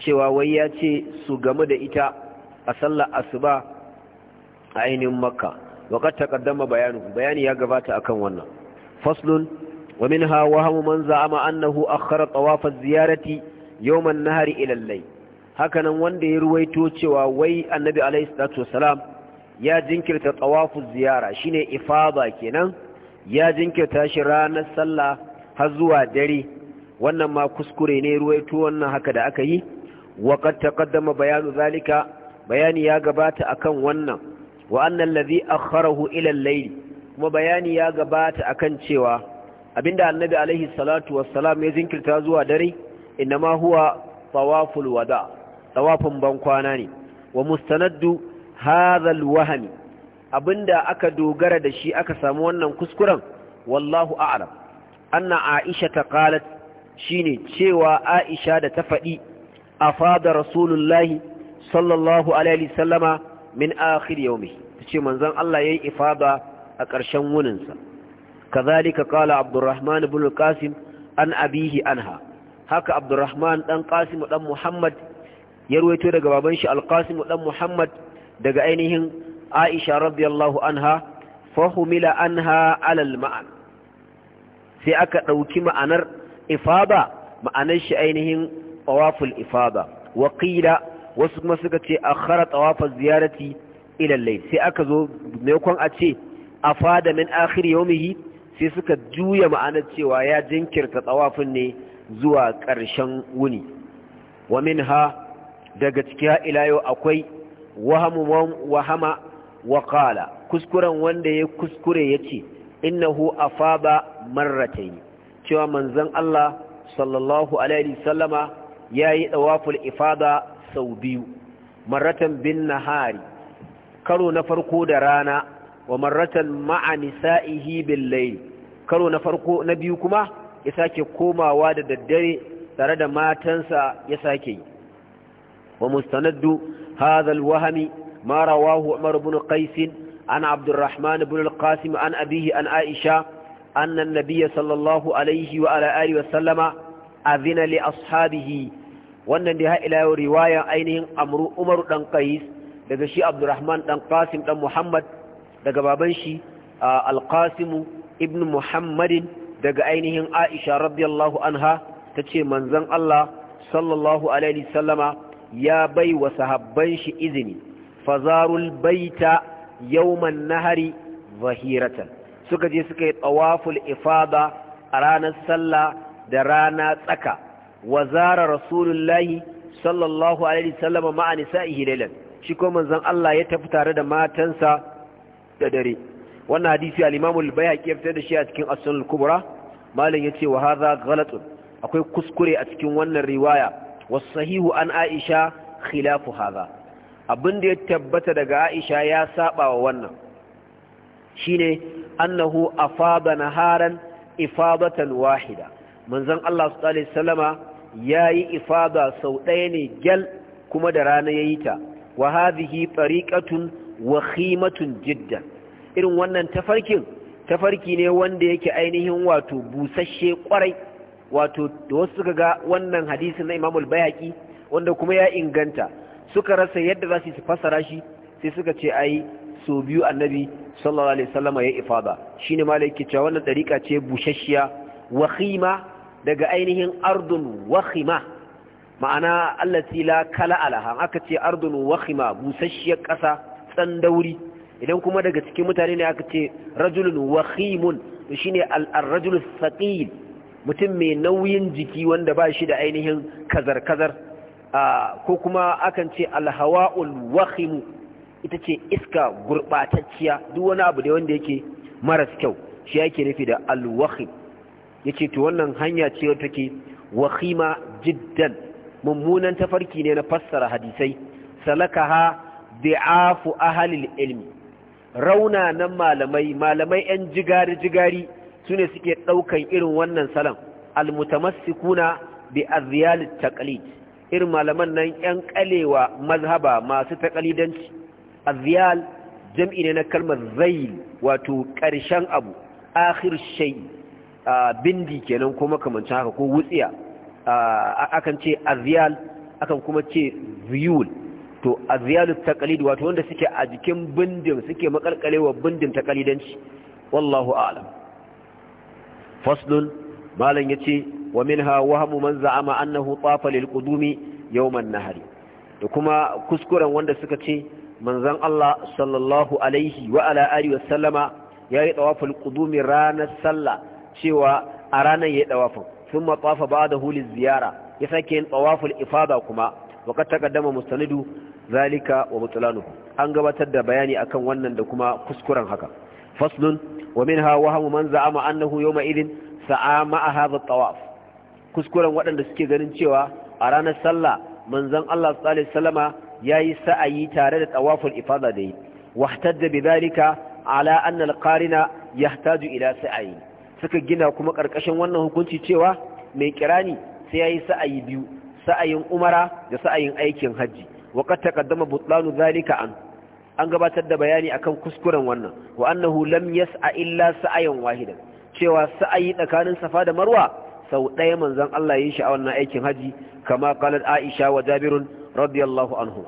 cewa wai ya ce su gamu da ita a sallar asuba ainihin makka وقد تقدم بيانه بيان يا جبات أكن ونا فصل ومنها وهم من زعم أنه أخر طواف الزيارة يوم النهر إلى الليل wanda ya ruwaito cewa wai annabi alayhi salatu wasalam ya jinkirta tawafu ziyara shine ifada kenan ya jinkirta shi ranar sallah har zuwa dare wannan ma kuskure ne ruwaito wannan haka da aka yi wa qad taqaddama bayanu zalika bayani ya gabata akan wannan wa annal ladhi a ila al laili. kuma bayani ya gabata akan cewa abinda annabi alaihi salatu wassalam ya zinkirta zuwa dare inma huwa tawaful wada tawafin bankwana ne wa mustanaddu hazal al abinda aka dogara da shi aka samu wannan kuskuren wallahu a'lam anna aisha ta qalat shine cewa aisha da ta faɗi afada rasulullahi sallallahu alaihi sallama min akhir yawmi tace manzon Allah yayi ifada a ƙarshen wuninsa kazalika qala abdurrahman ibn qasim an abihi anha haka abdurrahman dan qasim dan muhammad ya ruwaito daga baban shi alqasim dan muhammad daga ainihin aisha radiyallahu anha fahumila anha alal ma'an sai aka dauki ma'anar ifada ma'anar shi ainihin tawaful ifada wa qila wasu kuma suka ce a khara tawafa ziyarati ilallai, sai aka zo maimakon a ce afada min akhir yawmihi sai suka juya ma'anar cewa ya jinkirta tawafin ne zuwa ƙarshen wuni wa ha, daga ciki ila yau akwai wahamu wahama wa kuskuren wanda ya kuskure yace innahu afaba marratayn cewa manzon Allah sallallahu alaihi wasallama yayi tawaful ifada sau biyu maratan bin nahari karo na farko da rana wa maratan ma'a nisa'ihi bin layl karo na farko na biyu kuma ya sake komawa da daddare tare da matansa ya sake yi wa mustanaddu hazal wahami wahmi ma rawahu umar ibn qais an abdurrahman ibn al an abihi an aisha anna an-nabiy sallallahu alayhi wa ala alihi wa sallama adhina li ashabihi wannan da ila yau riwayan ainihin amru umaru dan qais daga shi abdurrahman dan qasim dan muhammad daga baban shi alqasim ibn muhammadin daga ainihin aisha radiyallahu anha tace manzon Allah sallallahu alaihi sallama ya bai wa sahabban shi izini fazarul baita yawman nahari zahiratan suka je suka yi tawaful ifada a ranar sallah da rana tsaka wa zara rasulullahi sallallahu alaihi wasallama ma'a nisa'ihi lailan shi ko manzon Allah ya tafi tare da matansa da dare wannan hadisi al-Imam al-Baihaqi ya fitar da shi a cikin As-Sunan al-Kubra malam ya ce hadha ghalatun akwai kuskure a cikin wannan riwaya Wasu sahihu an Aisha khilafu haza. abin da ya tabbata daga Aisha ya saba wa wannan shine annahu afada haran ifadatan wahida manzon Allah sallallahu alaihi wasallama ya yi ifada sau ɗaya ne gyal kuma da rana ya yi ta wa hadhihi tariqatun wa khimatun jidda irin wannan tafarkin tafarki ne wanda yake ainihin wato busasshe kwarai wato da wasu suka ga wannan hadisi na Imam bayaki wanda kuma ya inganta suka rasa yadda za su fassara shi sai suka ce ai so biyu annabi sallallahu alaihi wasallam ya ifada shine malai yake cewa wannan dariƙa ce busasshiya wa khima daga ainihin ardun wahima ma'ana allati la kala alaha aka ce ardun wahima busasshiyar ƙasa tsandauri idan kuma daga cikin mutane ne aka ce rajulun to shine al-rajul thaqil mutum mai nauyin jiki wanda ba shi da ainihin kazar-kazar ko kuma akan ce al-hawa'ul wahim ita ce iska gurbatacciya, duk wani abu da wanda yake maras kyau shi yake nufi da al wahim ce to wannan hanya ce wata ke wahima jiddan mummunan tafarki ne na fassara hadisai salakaha bi'afu ahlil ilmi rauna nan malamai malamai yan jigari jigari sune suke ɗaukan irin wannan salam almutamassikuna bi azyalit taqlid irin malaman nan yan kalewa mazhaba masu taqlidanci azyal jam'i ne na kalmar zail wato ƙarshen abu akhir shay bindi kenan ko makamancin haka ko wutsiya akan ce aziyal akan kuma ce ziyul to aziyalu taqlid wato wanda suke a jikin bindin suke makalkalewa bindin taqlidanci wallahu a'lam faslun malan yace wa minha wahmu man za'ama annahu tafa lil qudumi yawman nahari da kuma kuskuren wanda suka ce manzon Allah sallallahu alaihi wa ala alihi wasallama yayi tawaful qudumi ranar sallah cewa a ranar ya yi ɗawafin sun matsafa ba da hulun ziyara ya sake yin ɗawafin ifada kuma wakar takaddama mustanidu zalika wa mutulanu an gabatar da bayani akan wannan da kuma kuskuren haka faslun wa min ha hamu man za'ama annahu yawma idin sa'a a hadha tawaf kuskuren waɗanda suke ganin cewa a ranar sallah manzon Allah sallallahu alaihi wasallama yayi sa'ayi tare da tawaful ifada da yi wahtadda bi zalika ala anna al-qarina yahtaju ila sa'ayi suka gina kuma ƙarƙashin wannan hukunci cewa mai kirani sai ya yi sa'ayi biyu sa'ayin umara da sa'ayin aikin hajji waƙar kaddama butlanu zalika an an gabatar da bayani akan kuskuren wannan wa annahu lam yas'a illa sa'ayan wahidan cewa sa'ayi tsakanin safa da marwa sau ɗaya manzon Allah ya yi sha'awar na aikin hajji kama qalat aisha wa jabirun radiyallahu anhu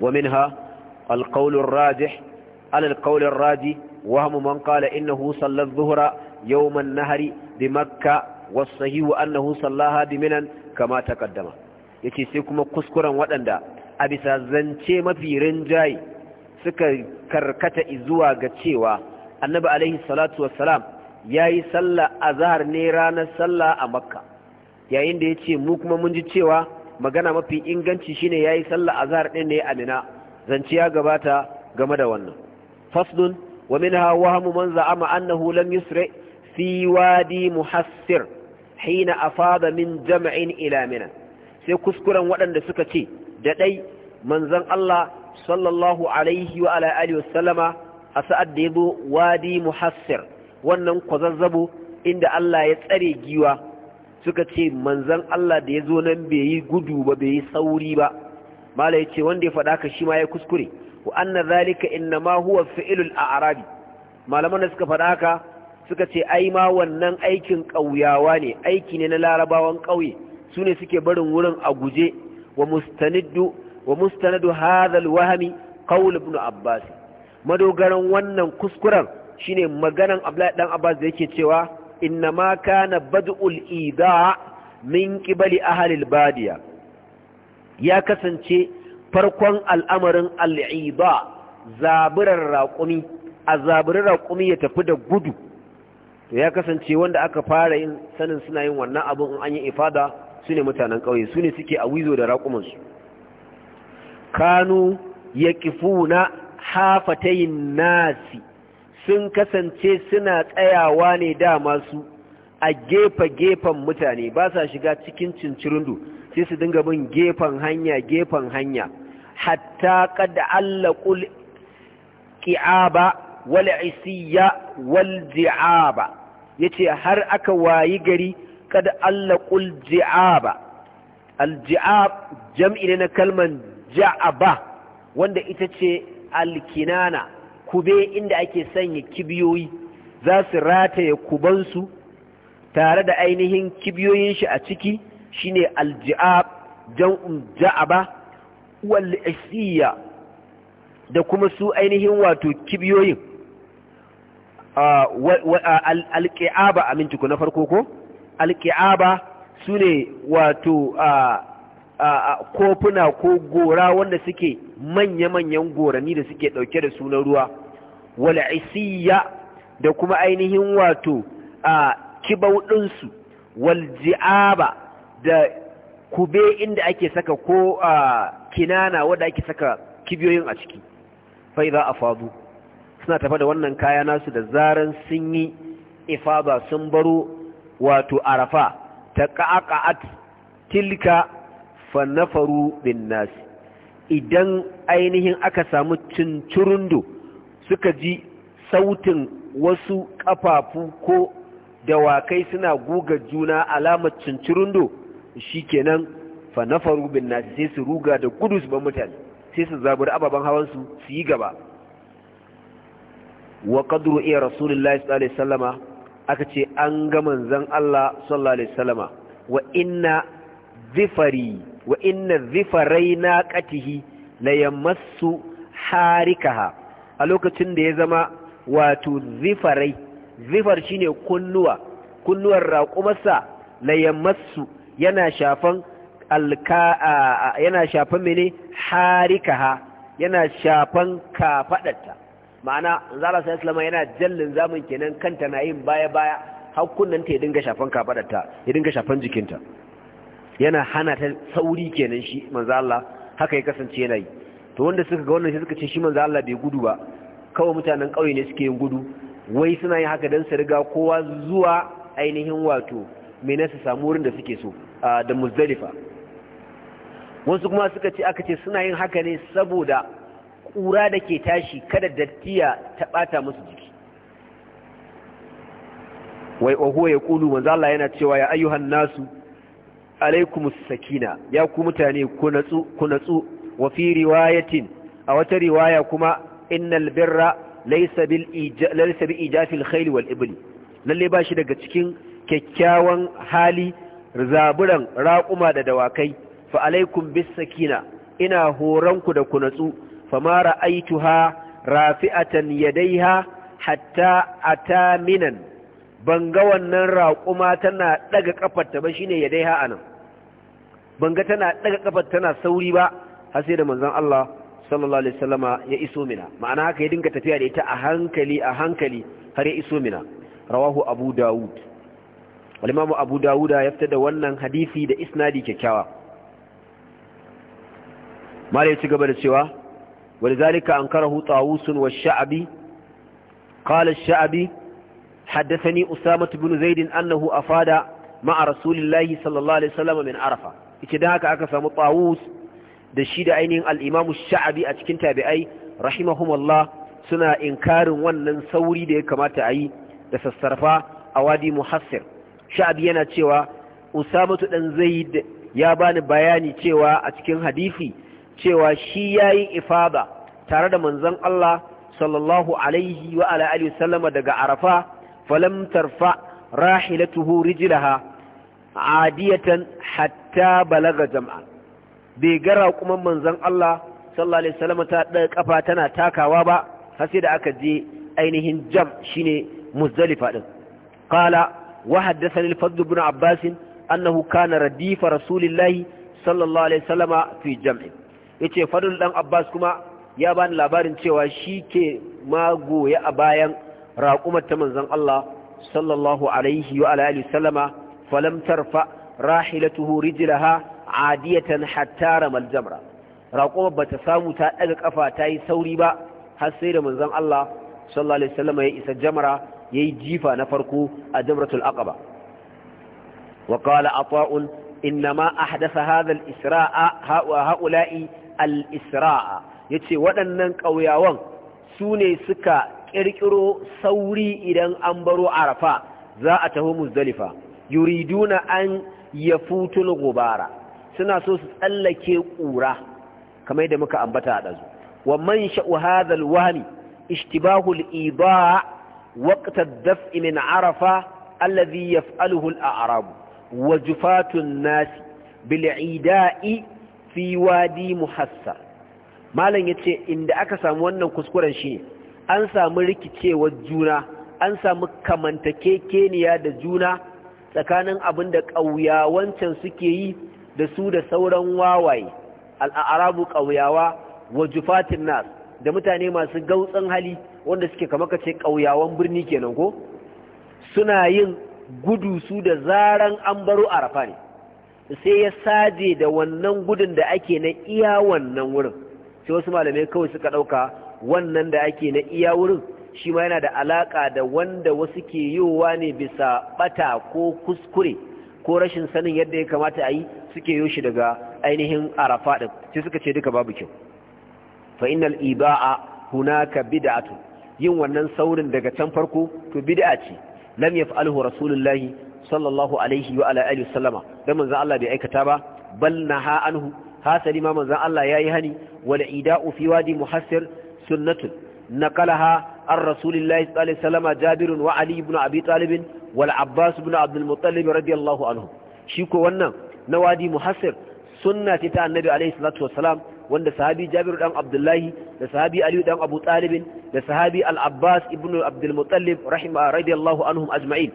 wa minha القول الراجح على وهم من قال إنه صلى الظهر يوم النهر بمكة والصحيح أنه صلاها بمنا كما تقدم يكي سيكم قسكرا ودندا أبي سازنشي ما في رنجاي سكا كركة إزوا قتشيوا النبي عليه الصلاة والسلام ياي صلى azhar نيران صلى أمكة a makka yayin da yace mu kuma mun ji cewa magana mafi inganci shine yayi sallah azhar din ne a mina zanciya gabata game da wannan faslun ومنها وهم من زعم أنه لم يسرع في وادي محسر حين أفاض من جمع إلى منى سيكسكرا وأن سكتي دقي من زن الله صلى الله عليه وعلى آله وسلم أسأدب وادي محسر wannan kwazazzabo inda Allah ya tsare giwa suka ce manzan Allah da ya zo nan bai yi gudu ba bai yi sauri ba mala ya ce wanda ya faɗa ka shi ma ya kuskure ku anna zalika innama huwa fi'lul a'rabi malaman da suka fada haka suka ce ai ma wannan aikin ƙauyawa ne aiki ne na larabawan ƙauye sune suke barin wurin a guje wa mustaniddu wa mustanadu hadha alwahmi qaul ibn abbas madogaran wannan kuskuren shine maganan abdullahi dan abbas da yake cewa innama kana bad'ul ida min qibali ahli albadiya ya kasance farkon al'amarin al'iba zaburar raƙumi a zaburar raƙumi ya tafi da gudu to ya kasance wanda aka fara yin sanin suna yin wannan abin in an yi ifada su ne mutanen ƙauye su ne suke a wizo da raƙumansu kanu ya kifu na hafatayin nasi sun kasance suna tsayawa ne da masu a gefe-gefen mutane ba sa shiga cikin cincirindu sai su dinga bin gefen hanya gefen hanya hatta allah allaqul qi'aba wal isiya wal ji'aba yace har aka wayi gari allah allaqul ji'aba al ji'ab jam'i na kalman ja'aba wanda ita ce alkinana kube inda ake sanya kibiyoyi za su rataye kubansu tare da ainihin kibiyoyin shi a ciki shine alji'ab jam'un ja'aba wal isiya da kuma su ainihin wato kibiyoyin alƙi'aba amintiko na farko ko alƙi'aba su ne wato kofuna ko gora wanda suke manya-manyan gorani da suke ɗauke da sunan ruwa wal'isiyya da kuma ainihin wato a wal walji'aba da kube inda ake saka ko a kinana wanda ake saka kibiyoyin a ciki fai za a fadu suna tafa da wannan kaya nasu da zaran sun yi ifaba sun baro wato arafa ta ƙa'aƙa'at tilka fannafaru bin nasi idan ainihin aka samu cincirundo suka ji sautin wasu ƙafafu ko dawakai suna guga juna alamar cincirundo shikenan fa nafaru bin nasi sai su ruga da gudu su ban mutane sai su zaburi ababen hawan su su yi gaba wa qadru iya rasulullahi sallallahu alaihi wasallama aka ce an ga manzon Allah sallallahu alaihi wasallama wa inna zifari wa inna zifaraina qatihi la yamassu harikaha a lokacin da ya zama wato zifarai zifar shine kunnuwa kunnuwar raƙumarsa la yamassu yana shafan alka yana shafan mene harikaha yana shafan kafadarta ma'ana zala sai islama yana jallin zamun kenan kanta na yin baya baya hakkunan ta ya dinga shafan kafadarta ya dinga shafan jikinta yana hana ta sauri kenan shi manzo Allah haka ya kasance yana yi to wanda suka ga wannan shi suka ce shi manzo Allah bai gudu ba kawai mutanen kauye ne suke yin gudu wai suna yin haka dan su riga kowa zuwa ainihin wato mena su samu wurin da suke so da muzdalifa wasu kuma suka ce aka ce suna yin haka ne saboda ƙura da ke tashi kada dattiya ta ɓata musu jiki wai oho ya ƙulu manzo Allah yana cewa ya ayyuhan nasu alaikum sakina ya ku mutane ku natsu ku natsu wa fi riwayatin a wata riwaya kuma innal birra laysa bil laysa bi ijafil khayl wal ibli lalle ba shi daga cikin kyakkyawan hali zaburan raƙuma da dawakai fa alaikum bis sakina ina horanku da kunatsu fama ra'aituha rafi'atan yadaiha hatta ataminan ban ga wannan raƙuma tana daga ta ba shine yadaiha anan ban tana daga kafar tana sauri ba har sai da manzon Allah sallallahu alaihi wasallama ya iso mina ma'ana haka ya dinga tafiya da ita a hankali a hankali har ya iso mina rawahu abu dawud walimamu abu dawuda ya fita da wannan hadisi da isnadi kyakkyawa mara ya ci gaba da cewa wani zalika an kara hutu wa sha'abi ƙalar sha'abi haddasa ni usamatu bin zaidin annahu a fada ma'a rasulillahi sallallahu alaihi sallama min arafa ita don haka aka samu tawus da shi da ainihin al'imamu sha'abi a cikin tabi'ai rahimahumallah suna inkarin wannan sauri da ya kamata a yi da sassarfa a wadi muhassir sha'abi yana cewa usamatu dan zaid ya bani bayani cewa a cikin hadisi cewa shi yayi ifada tare da manzon Allah sallallahu alaihi wa ala alihi sallama daga arafa falam tarfa rahilatuhu rijlaha adiyatan hatta balaga jam'a bai gara kuma manzon Allah sallallahu alaihi sallama ta da kafa tana takawa ba har sai da aka je ainihin jam shine muzdalifa din qala وحدثني الفضل بن عباس أنه كان رديف رسول الله صلى الله عليه وسلم في جمع يتي فضل دان عباس كما يا بان labarin cewa shike mago ya a bayan raƙumar ta manzon Allah sallallahu alaihi wa alihi sallama falam tarfa rahilatuhu rijlaha adiyatan hatta ramal jamra raƙumar bata samu ta daga kafa ta yi sauri ba har sai da manzon Allah sallallahu alaihi wasallama ya isa jamra yayi jifa na farko a jamratul aqaba wa qala ata'un inma ahdatha hadha hadal israa ha'ula'i al-isra'a yace waɗannan ƙauyawan su ne suka ƙirƙiro sauri idan an baro arafa za a taho muzdalifa yuriduna an yafutul gubara suna so su tsallake ƙura kamar da muka ambata a ɗazu wa man sha'u hadha al ishtibahul ibaa وقت الدفء من عرفة الذي يفعله الأعراب وجفاة الناس بالعيداء في وادي محسر malam ya ce inda aka samu wannan kuskuren shi an sami rikicewar juna an samu kamantakekeniya da juna tsakanin abinda da ƙauyawancan suke yi da su da sauran wawaye al'arabu ƙauyawa wa jufatin nas da mutane masu gautsan hali wanda suke kamar ka ce birni kenan ko suna yin gudu su da zaran an baro arafa ne sai ya saje da wannan gudun da ake na iya wannan wurin sai wasu malamai kawai suka ɗauka wannan da ake na iya wurin shi ma yana da alaka da wanda wasu ke yowa ne bisa ɓata ko kuskure ko rashin sanin yadda ya kamata a yi suke yo shi daga ainihin arafa ɗin sai suka ce duka babu kyau fa innal iba'a hunaka Atun. yin wannan saurin daga can farko to bid'a ce lam yaf'alhu rasulullahi sallallahu alaihi wa ala alihi wasallama dan Allah bai aikata ba bal naha anhu hasali ma manzo Allah yayi hani wal ida'u fi wadi muhassir sunnatun naqalaha an rasulillahi sallallahu alaihi wasallama jabir wa ali ibn abi talib wal abbas ibn abd al muttalib radiyallahu anhu shi ko wannan na wadi muhassir sunna ta annabi alaihi salatu wassalam wanda sahabi Jabir dan Abdullahi da sahabi Ali dan Abu Talib da sahabi Al-Abbas ibn Abdul Muttalib rahima radiyallahu anhum ajma'in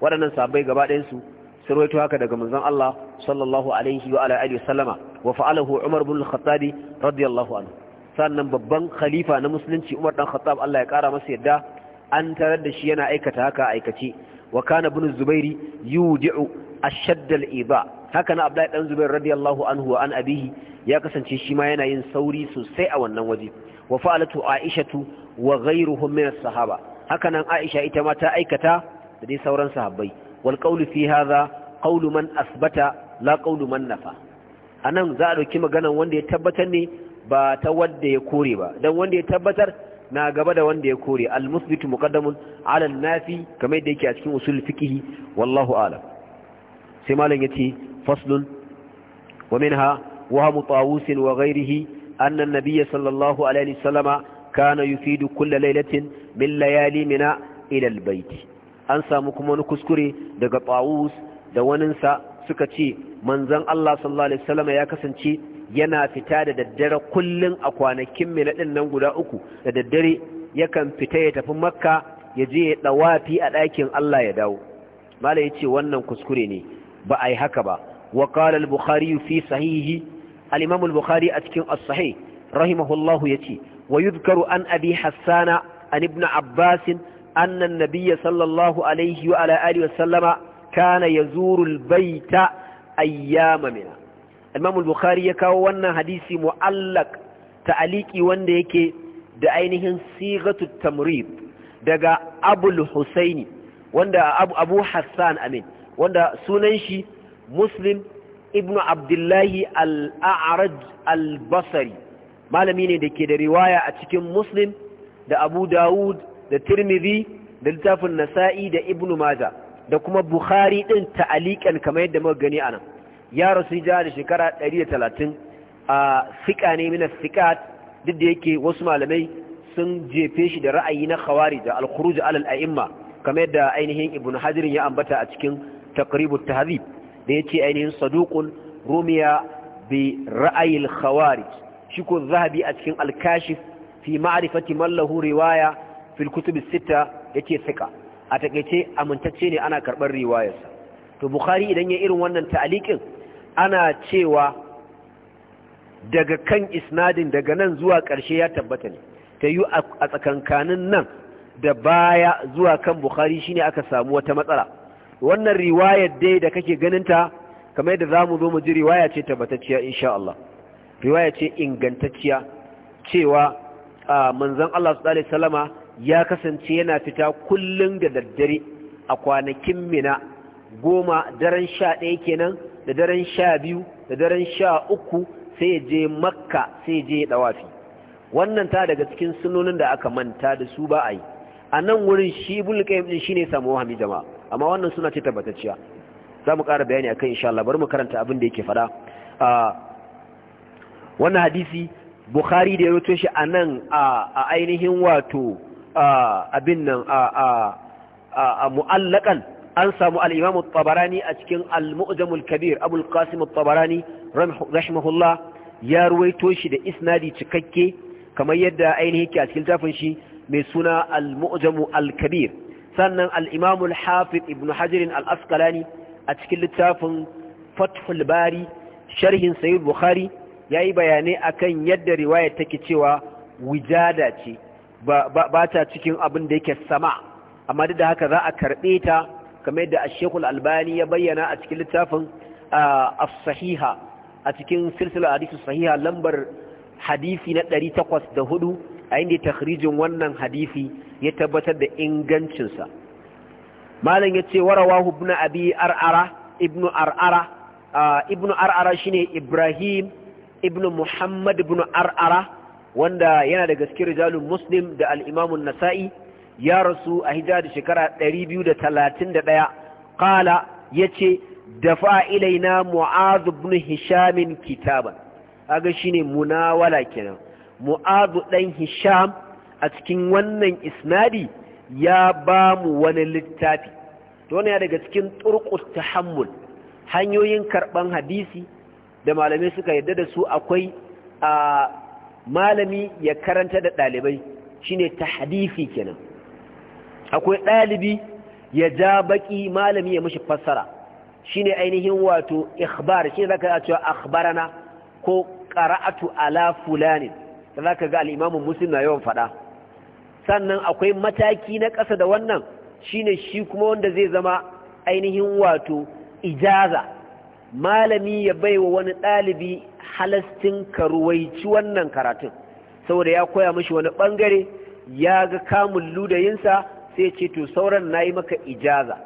waɗannan sahabbai gaba ɗayan su sun rawaito haka daga manzon Allah sallallahu alaihi wa ala alihi wasallama wa fa'alahu Umar ibn Al-Khattabi radiyallahu anhu sannan babban khalifa na musulunci Umar dan Khattab Allah ya kara masa yadda an tarar da shi yana aikata haka aikace wa kana ibn Zubairi yudi'u ashadd al-iba haka na abdullahi dan zubair radiyallahu anhu wa an abihi ya kasance shi ma yana yin sauri sosai a wannan waje wa fa'alatu aishatu wa ghayruhum min as-sahaba haka nan aisha ita ma ta aikata da dai sauran sahabbai wal qawlu fi hadha qawlu man asbata la qawlu man nafa anan za a dauki maganan wanda ya tabbatar ne ba ta wanda ya kore ba dan wanda ya tabbatar na gaba da wanda ya kore al-musbitu muqaddamun ala an-nafi kamar yadda yake a cikin usul fiqh wallahu a'lam sai malam yace فصل ومنها وهم طاووس وغيره أن النبي صلى الله عليه وسلم كان يفيد كل ليلة من ليالي منى إلى البيت أنسى مكمون كسكري دقى طاووس دوننسى سكتي منزن الله صلى الله عليه وسلم يكسنتي yana fita da daddare kullum a kwanakin miladin nan guda uku da daddare yakan fita ya tafi makka ya je ya dawafi a ɗakin Allah ya dawo mala ya ce wannan kuskure ne ba a yi haka ba wa qala fi sahihi al-imam al-bukhari a cikin as-sahih rahimahullahu yace wa yudhkaru an abi hassana an ibn abbas anna an-nabiy sallallahu alayhi wa wa sallama kana yazuru al-bayta ayyama mina al-imam ya kawo wannan hadisi mu'allaq ta'aliki wanda yake da ainihin sigatu tamrid daga abul husaini wanda abu, abu hassan wanda sunan shi muslim ibn abdullahi al albasari al-basri malami ne da ke da riwaya a cikin muslim da abu dawud da tirmidhi da littafin nasa'i da ibn maja da kuma bukhari ɗin ta'alikan kamar yadda muka gani anan ya rasu ja da shekara 130 a sika ne min sikat duk da yake wasu malamai sun jefe shi da ra'ayi na khawarij da al-khuruj al-a'imma kamar yadda ainihin ibn hajar ya ambata a cikin taqribut tahzib da ya ce ainihin saduƙun rumiya bi ra'ayil khawarij shi ko zahabi a cikin alkashif fi ma'arifati mallahu riwaya fil kutub sita yace thiqa a takaice amintacce ne ana karbar riwayarsa to bukhari idan ya irin wannan ta'aliqin ana cewa daga kan isnadin daga nan zuwa ƙarshe ya tabbata ne ta yi a tsakankanin nan da baya zuwa kan bukhari shine aka samu wata matsala wannan riwayar dai da kake ganinta kamar yadda zamu zo mu ji riwaya ce tabbatacciya insha Allah riwaya ce ingantacciya cewa manzon Allah sallallahu alaihi wasallama ya kasance yana fita kullun da daddare a kwanakin mina goma daren sha ɗaya kenan da daren sha biyu da daren sha uku sai je makka sai je ɗawafi wannan ta daga cikin sunonin da aka manta da su ba a yi a nan wurin shi bulƙayyar ɗin shi ne samuwa hami jama'a amma wannan suna ce tabbatacciya za mu ƙara bayani a kan, insha Allah bari mu karanta abin da yake faɗa wannan hadisi Bukhari da ya roto shi a nan a ainihin wato abin nan a mu'allakan an samu al-Imam tabarani a cikin al-Mu'jam al-Kabir Abu al-Qasim tabarani rahimahullah ya ruwaito shi da isnadi cikakke kamar yadda ainihin ke a cikin tafin shi mai suna al-Mu'jam al-Kabir sannan al'imamul imam hafiz ibn hajar al askalani a cikin littafin fathul bari sharhin sahih bukhari yi bayanai akan yadda riwaya take cewa wijada ce ba ta cikin abin da yake sama amma duk da haka za a karɓe ta kamar yadda Ashekul albani ya bayyana a cikin littafin as-sahiha a cikin silsila hadisi sahiha lambar hadisi na 804 a takhrijin wannan hadisi ya tabbatar da ingancinsa malam ya ce warawa ibn abi ar'ara ibn ar'ara ibn ar'ara shine ibrahim ibn muhammad bin ar'ara wanda yana da gaske rijalun muslim da al nasai ya rasu a hijira da shekara 231 Ya ce dafa ilaina mu'azu ibn hishamin kitaban kaga shine munawala kenan mu'adu ɗan hisham a cikin wannan isnadi ya ba mu wani littafi to ya daga cikin turkus tahammul hanyoyin karɓan hadisi da malamai suka yarda da su akwai a malami ya karanta da ɗalibai shine tahdifi kenan akwai ɗalibi ya ja baƙi malami ya mashi fassara shine ainihin wato ikhbar shine zaka cewa akhbarana ko qara'atu ala fulanin da za ka ga al'imamin musulun na yawan faɗa sannan akwai mataki na ƙasa da wannan shine shi kuma wanda zai zama ainihin wato ijaza malami ya baiwa wani ɗalibi halastin karuwaici wannan karatun saboda ya koya mashi wani ɓangare ya ga kamun ludayinsa sai ce to sauran na yi maka ijaza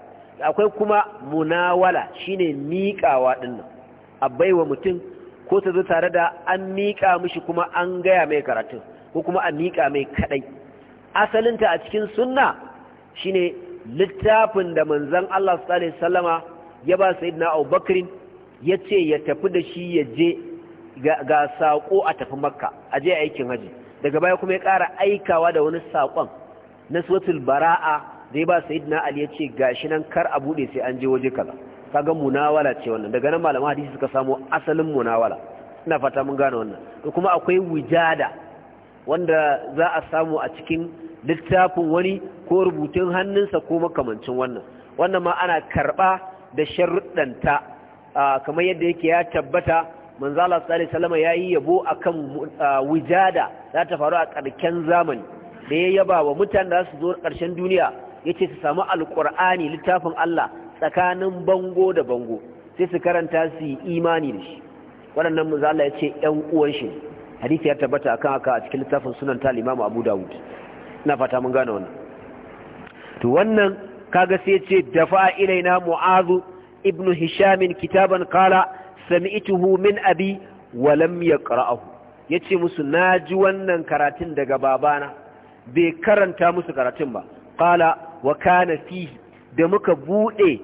akwai kuma munawala shine miƙawa nan a baiwa mutum ko ta zo tare da an miƙa mishi kuma an gaya mai karatun ko kuma an miƙa mai kaɗai asalinta a cikin sunna shine littafin da manzon Allah sallallahu alaihi wasallama ya ba sayyidina Abubakar ya ce ya tafi da shi ya je ga sako a tafi Makka a je aikin haji daga baya kuma ya ƙara aikawa da wani saƙon na suratul bara'a da ya ba sayyidina Ali ya ce gashi nan kar a bude sai an je waje kaza kaga munawala ce wannan daga nan malaman hadisi suka samo asalin munawala ina fata mun gane wannan to kuma akwai wujada wanda za a samu a cikin littafin wani ko rubutun hannunsa ko makamancin wannan wannan ma ana karba da sharuɗanta kamar yadda yake ya tabbata manzala sallallahu alaihi wasallam yayi yabo akan wujada za ta faru a karken zamani da ya yaba wa mutanen da su zo ƙarshen duniya yace su samu alqur'ani littafin Allah tsakanin bango da bango sai su karanta su yi imani da shi waɗannan mu zala ya ce ƴan uwan shi hadisi ya tabbata akan haka a cikin littafin sunan ta Imam Abu Dawud ina fata mun gane wannan to wannan kaga sai ya ce dafa ilaina mu'azu ibn Hisham kitaban qala sami'tuhu min abi wa lam yaqra'ahu yace musu naji wannan karatun daga babana bai karanta musu karatun ba qala wa kana fihi da muka buɗe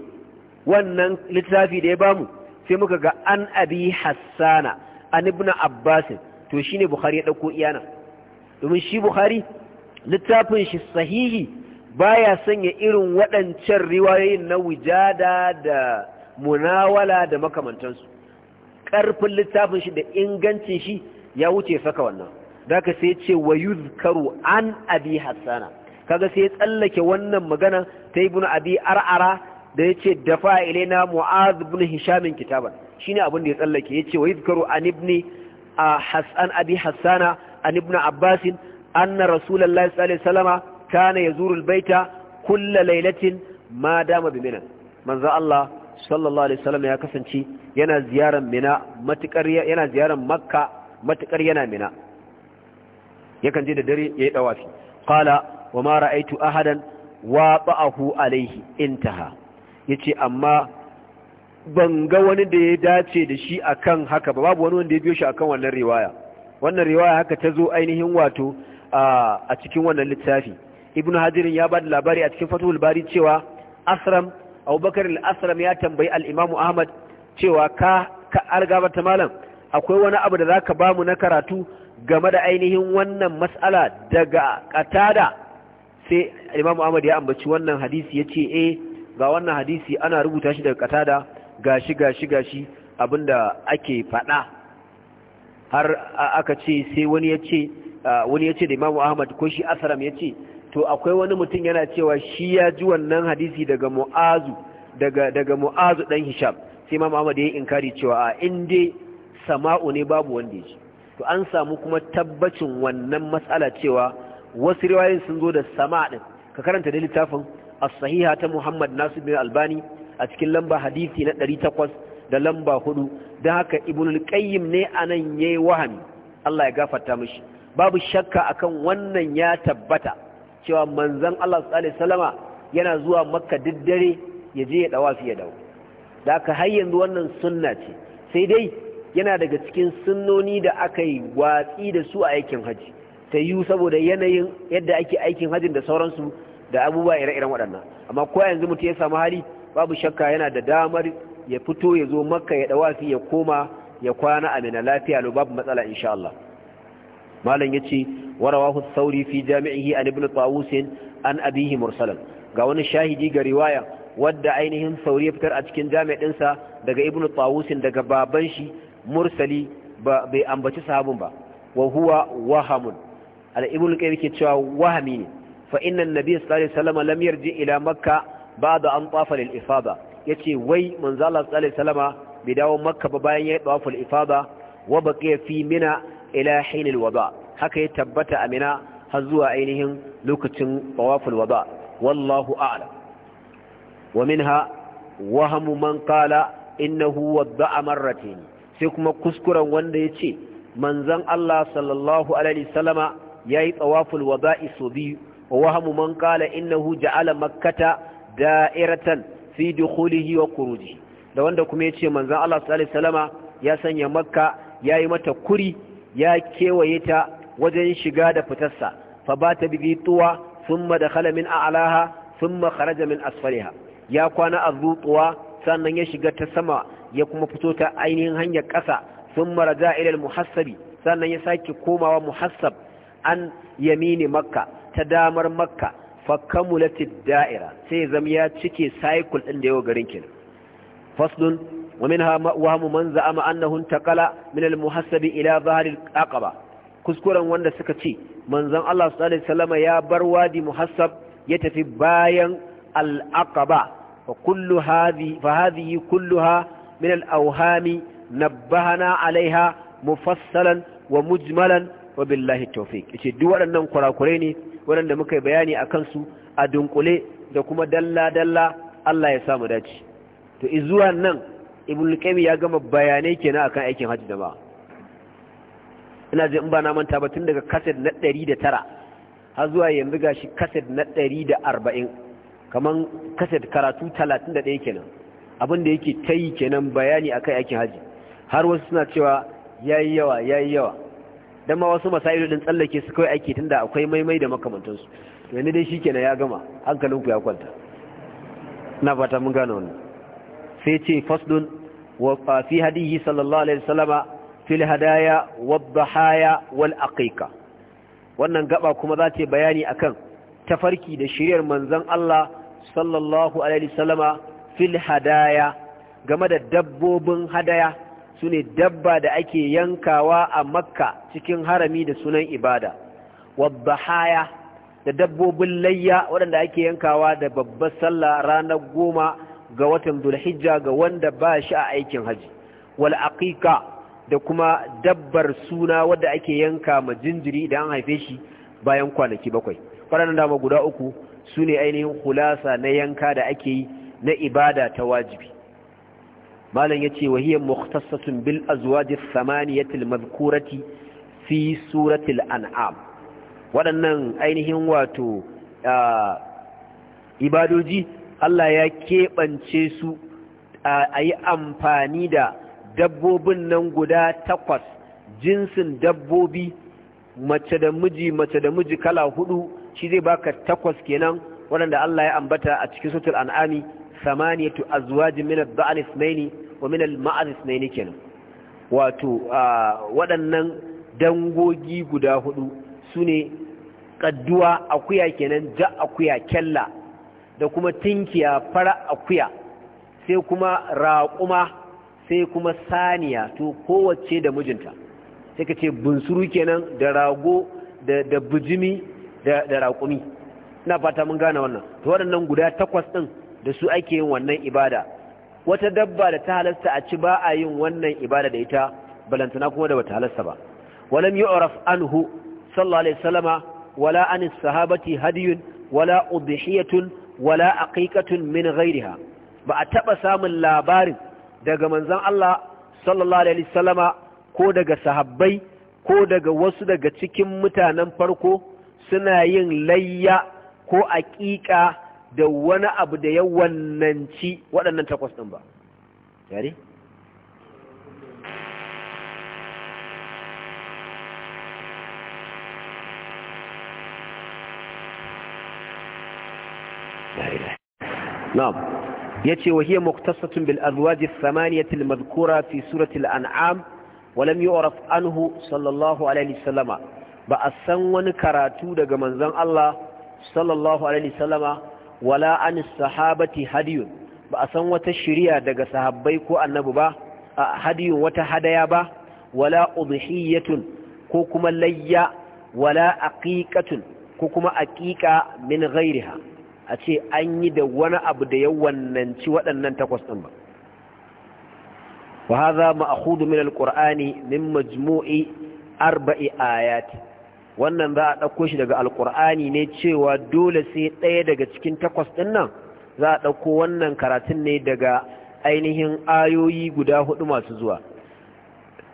wannan littafi da ya bamu sai muka ga an abi hassana an ibn abbasin to shine bukhari ya ɗauko iyana domin shi bukhari littafin shi sahihi baya sanya irin waɗancan riwayoyin na wujada da munawala da makamantansu ƙarfin littafin shi da ingancin shi ya wuce saka wannan da ka sai ce wa yuzkaru an abi hassana kaga sai ya tsallake wannan magana ta ibnu abi ar'ara da yace dafa ilaina mu'adh ibn hisham kitaban shine abin da ya tsallake yace wa yadhkaru an ibni hasan abi hasana an ibn abbas anna rasulullahi sallallahu alaihi wasallama kana yazuru albayta kulla lailatin ma dama bi mina manzo Allah sallallahu alaihi wasallam ya kasance yana ziyaran mina matukar yana ziyaran makka matukar yana mina yakan je da dare yayi dawafi qala wa ma ra'aitu ahadan wa ba'ahu alaihi intaha yace amma ban ga wani da ya dace da shi akan haka ba babu wani wanda ya biyo shi akan wannan riwaya wannan riwaya haka ta zo ainihin wato a cikin wannan littafi ibnu Hadirin ya bada labari a cikin fatul bari cewa asram abubakar al-asram ya tambayi al-imamu ahmad cewa ka ka argabata malam akwai wani abu da zaka bamu na karatu game da ainihin wannan mas'ala daga katada? sai Imam Ahmad ya ambaci wannan hadisi ya ce eh ga wannan hadisi ana rubuta shi daga katada gashi gashi gashi abinda ake fada har aka ce sai wani yace wani ce da Imam Ahmad ko shi Asram ce to akwai wani mutum yana cewa shi ya ji wannan hadisi daga Mu'azu daga daga Mu'azu dan Hisham sai Imam Ahmad ya inkari cewa a inde sama'u ne babu wanda ya ji to an samu kuma tabbacin wannan matsala cewa wasu riwayoyin sun zo da sama ɗin, ka karanta da littafin as-sahiha ta Muhammad Nasir bin Albani a cikin lamba hadisi na 800 da lamba 4 dan haka Ibnul Qayyim ne anan yayi wahami Allah ya gafarta mishi babu shakka akan wannan ya tabbata cewa manzon Allah sallallahu alaihi yana zuwa Makka daddare ya je ya dawafi ya dawo da haka har yanzu wannan sunna ce sai dai yana daga cikin sunnoni da aka yi watsi da su a aikin hajji. ta yiwu saboda yanayin yadda ake aikin hajjin da sauransu da abubuwa ire-iren waɗannan amma ko yanzu mutum ya samu hali babu shakka yana da damar ya fito ya zo makka ya dawafi ya koma ya kwana a mina lafiya lo babu matsala insha Allah malam yace warawahu sauri fi jami'ihi an ibn tawus an abihi mursalan ga wani shahidi ga riwaya wadda ainihin sauri ya fitar a cikin jami'in sa daga ibn tawus daga baban shi mursali bai ambaci sahabun ba wa huwa wahamun al-ibn qayyim yake cewa wahami ne fa inna an-nabiy sallallahu alaihi wasallam lam yarji ila makka ba'da an tafa lil ifada yace wai manzo Allah sallallahu alaihi wasallam bai dawo makka ba bayan ya tafa lil ifada wa baqiya fi mina ila hin al-wada haka ya tabbata amina har zuwa ainihin lokacin tawaful wada wallahu a'lam wa minha wahamu man qala innahu wadda'a marratayn sai kuma kuskuren wanda yace manzon Allah sallallahu alaihi wasallama yayi tawaful wada'i so biyu wa wahamu man qala innahu ja'ala makkata da'iratan fi dukhulihi wa khuruji da wanda kuma yace manzon Allah sallallahu alaihi wasallama ya sanya makka yayi mata kuri ya kewaye ta wajen shiga da fitarsa fa bata bi tuwa thumma dakhala min a'laha thumma kharaja min asfaliha ya kwana azutuwa sannan ya shiga ta sama ya kuma fito ta ainihin hanyar ƙasa sun maraja ilal muhassabi sannan ya sake komawa muhassab an yamini makka ta damar makka fakkamulatid da'ira sai zam ya cike cycle din da yau garin kenan faslun wa minha ma'wahamu man za'ama annahu taqala min al-muhassabi ila zahir al-aqaba kuskuren wanda suka ce manzon Allah sallallahu alaihi wasallam ya bar wadi muhassab ya tafi bayan al-aqaba fa kullu hadhi fa kulluha min al-awhami nabbahana alaiha mufassalan wa mujmalan wa billahi tawfiq duk waɗannan kurakurai ne waɗanda muka yi bayani a kansu a dunkule da kuma dalla dalla Allah ya samu dace to izuwa nan ibnu qayyim ya gama bayanai kenan akan aikin hajji da ba ina ji in ba na manta ba tun daga kaset na 109 har zuwa yanzu shi kaset na 140 kaman kaset karatu 31 kenan abin da yake ta yi kenan bayani akan aikin hajji har wasu suna cewa yayi yawa yayi yawa dan ma wasu masailu din tsallake su kawai ake tunda akwai maimai da makamantansu to shi dai shikenan ya gama hankalinku ya kwanta ina fata mun gano wani. sai ce fasdun wa fi hadihi sallallahu alaihi wasallama fil hadaya wadhahaya wal aqiqa wannan gaba kuma za ta bayani akan tafarki da shiryar manzon Allah sallallahu alaihi wasallama fil hadaya game da dabbobin hadaya su ne dabba da ake yankawa a makka cikin harami da sunan ibada wadda haya da dabbobin layya waɗanda ake yankawa da babbar sallah ranar goma ga watan dulhijja ga wanda ba shi a aikin haji wal aqiqa da kuma dabbar suna wadda ake yanka ma jinjiri idan an haife shi bayan kwanaki bakwai waɗannan dama guda uku sune ainihin hulasa na yanka da ake yi na ibada ta wajibi malam yace wa hiya bil azwaj ath-thamaniyati al-madhkurati fi surati al-an'am waɗannan ainihin wato ibadoji Allah ya keɓance su a yi amfani da dabbobin nan guda takwas jinsin dabbobi mace da miji mace da miji kala hudu shi zai baka takwas kenan waɗanda Allah ya ambata a cikin sutul an'ami samaniyatu azwajin min ad-da'al ithnaini wa min al-ma'az ithnaini kenan wato waɗannan dangogi guda hudu sune kadduwa akuya kenan ja akuya kyalla da kuma tinkiya fara akuya sai kuma raƙuma sai kuma saniya to kowace da mijinta sai ka ce bunsuru kenan da rago da bijimi da raƙumi na fata mun gane wannan to waɗannan guda takwas ɗin da su ake yin wannan ibada wata dabba da ta halasta a ci ba a yin wannan ibada da ita balantana kuma da bata halasta ba walam yu'raf anhu sallallahu alaihi wasallama wala an sahabati hadiyun wala udhiyatun wala aqiqatun min ghayriha ba a taba samun labarin daga manzon Allah sallallahu alaihi wasallama ko daga sahabbai ko daga wasu daga cikin mutanen farko suna yin layya ko aqiqa da wani abu da ya wannanci waɗannan takwas ɗin ba. Yari? ya ce wa hiyya muktasatun bil’azwaji samaniyatil mazkura fi suratul an’am walam yi waraf anhu sallallahu alaihi ba a san wani karatu daga manzan Allah sallallahu alaihi salama wala an sahabati hadiyun ba a san wata shiriya daga sahabbai ko annabi ba hadiyun wata hadaya ba wala udhiyatun ko kuma layya wala aqiqatun ko kuma aqiqa min ghairiha a ce an yi da wani abu da yawannanci waɗannan takwas ɗin ba wa hadha ma'khudhu min alqur'ani min majmu'i arba'i ayati wannan za a ɗauko shi daga alƙur'ani ne cewa dole sai ɗaya daga cikin takwas ɗin nan za a ɗauko wannan karatun ne daga ainihin ayoyi guda hudu masu zuwa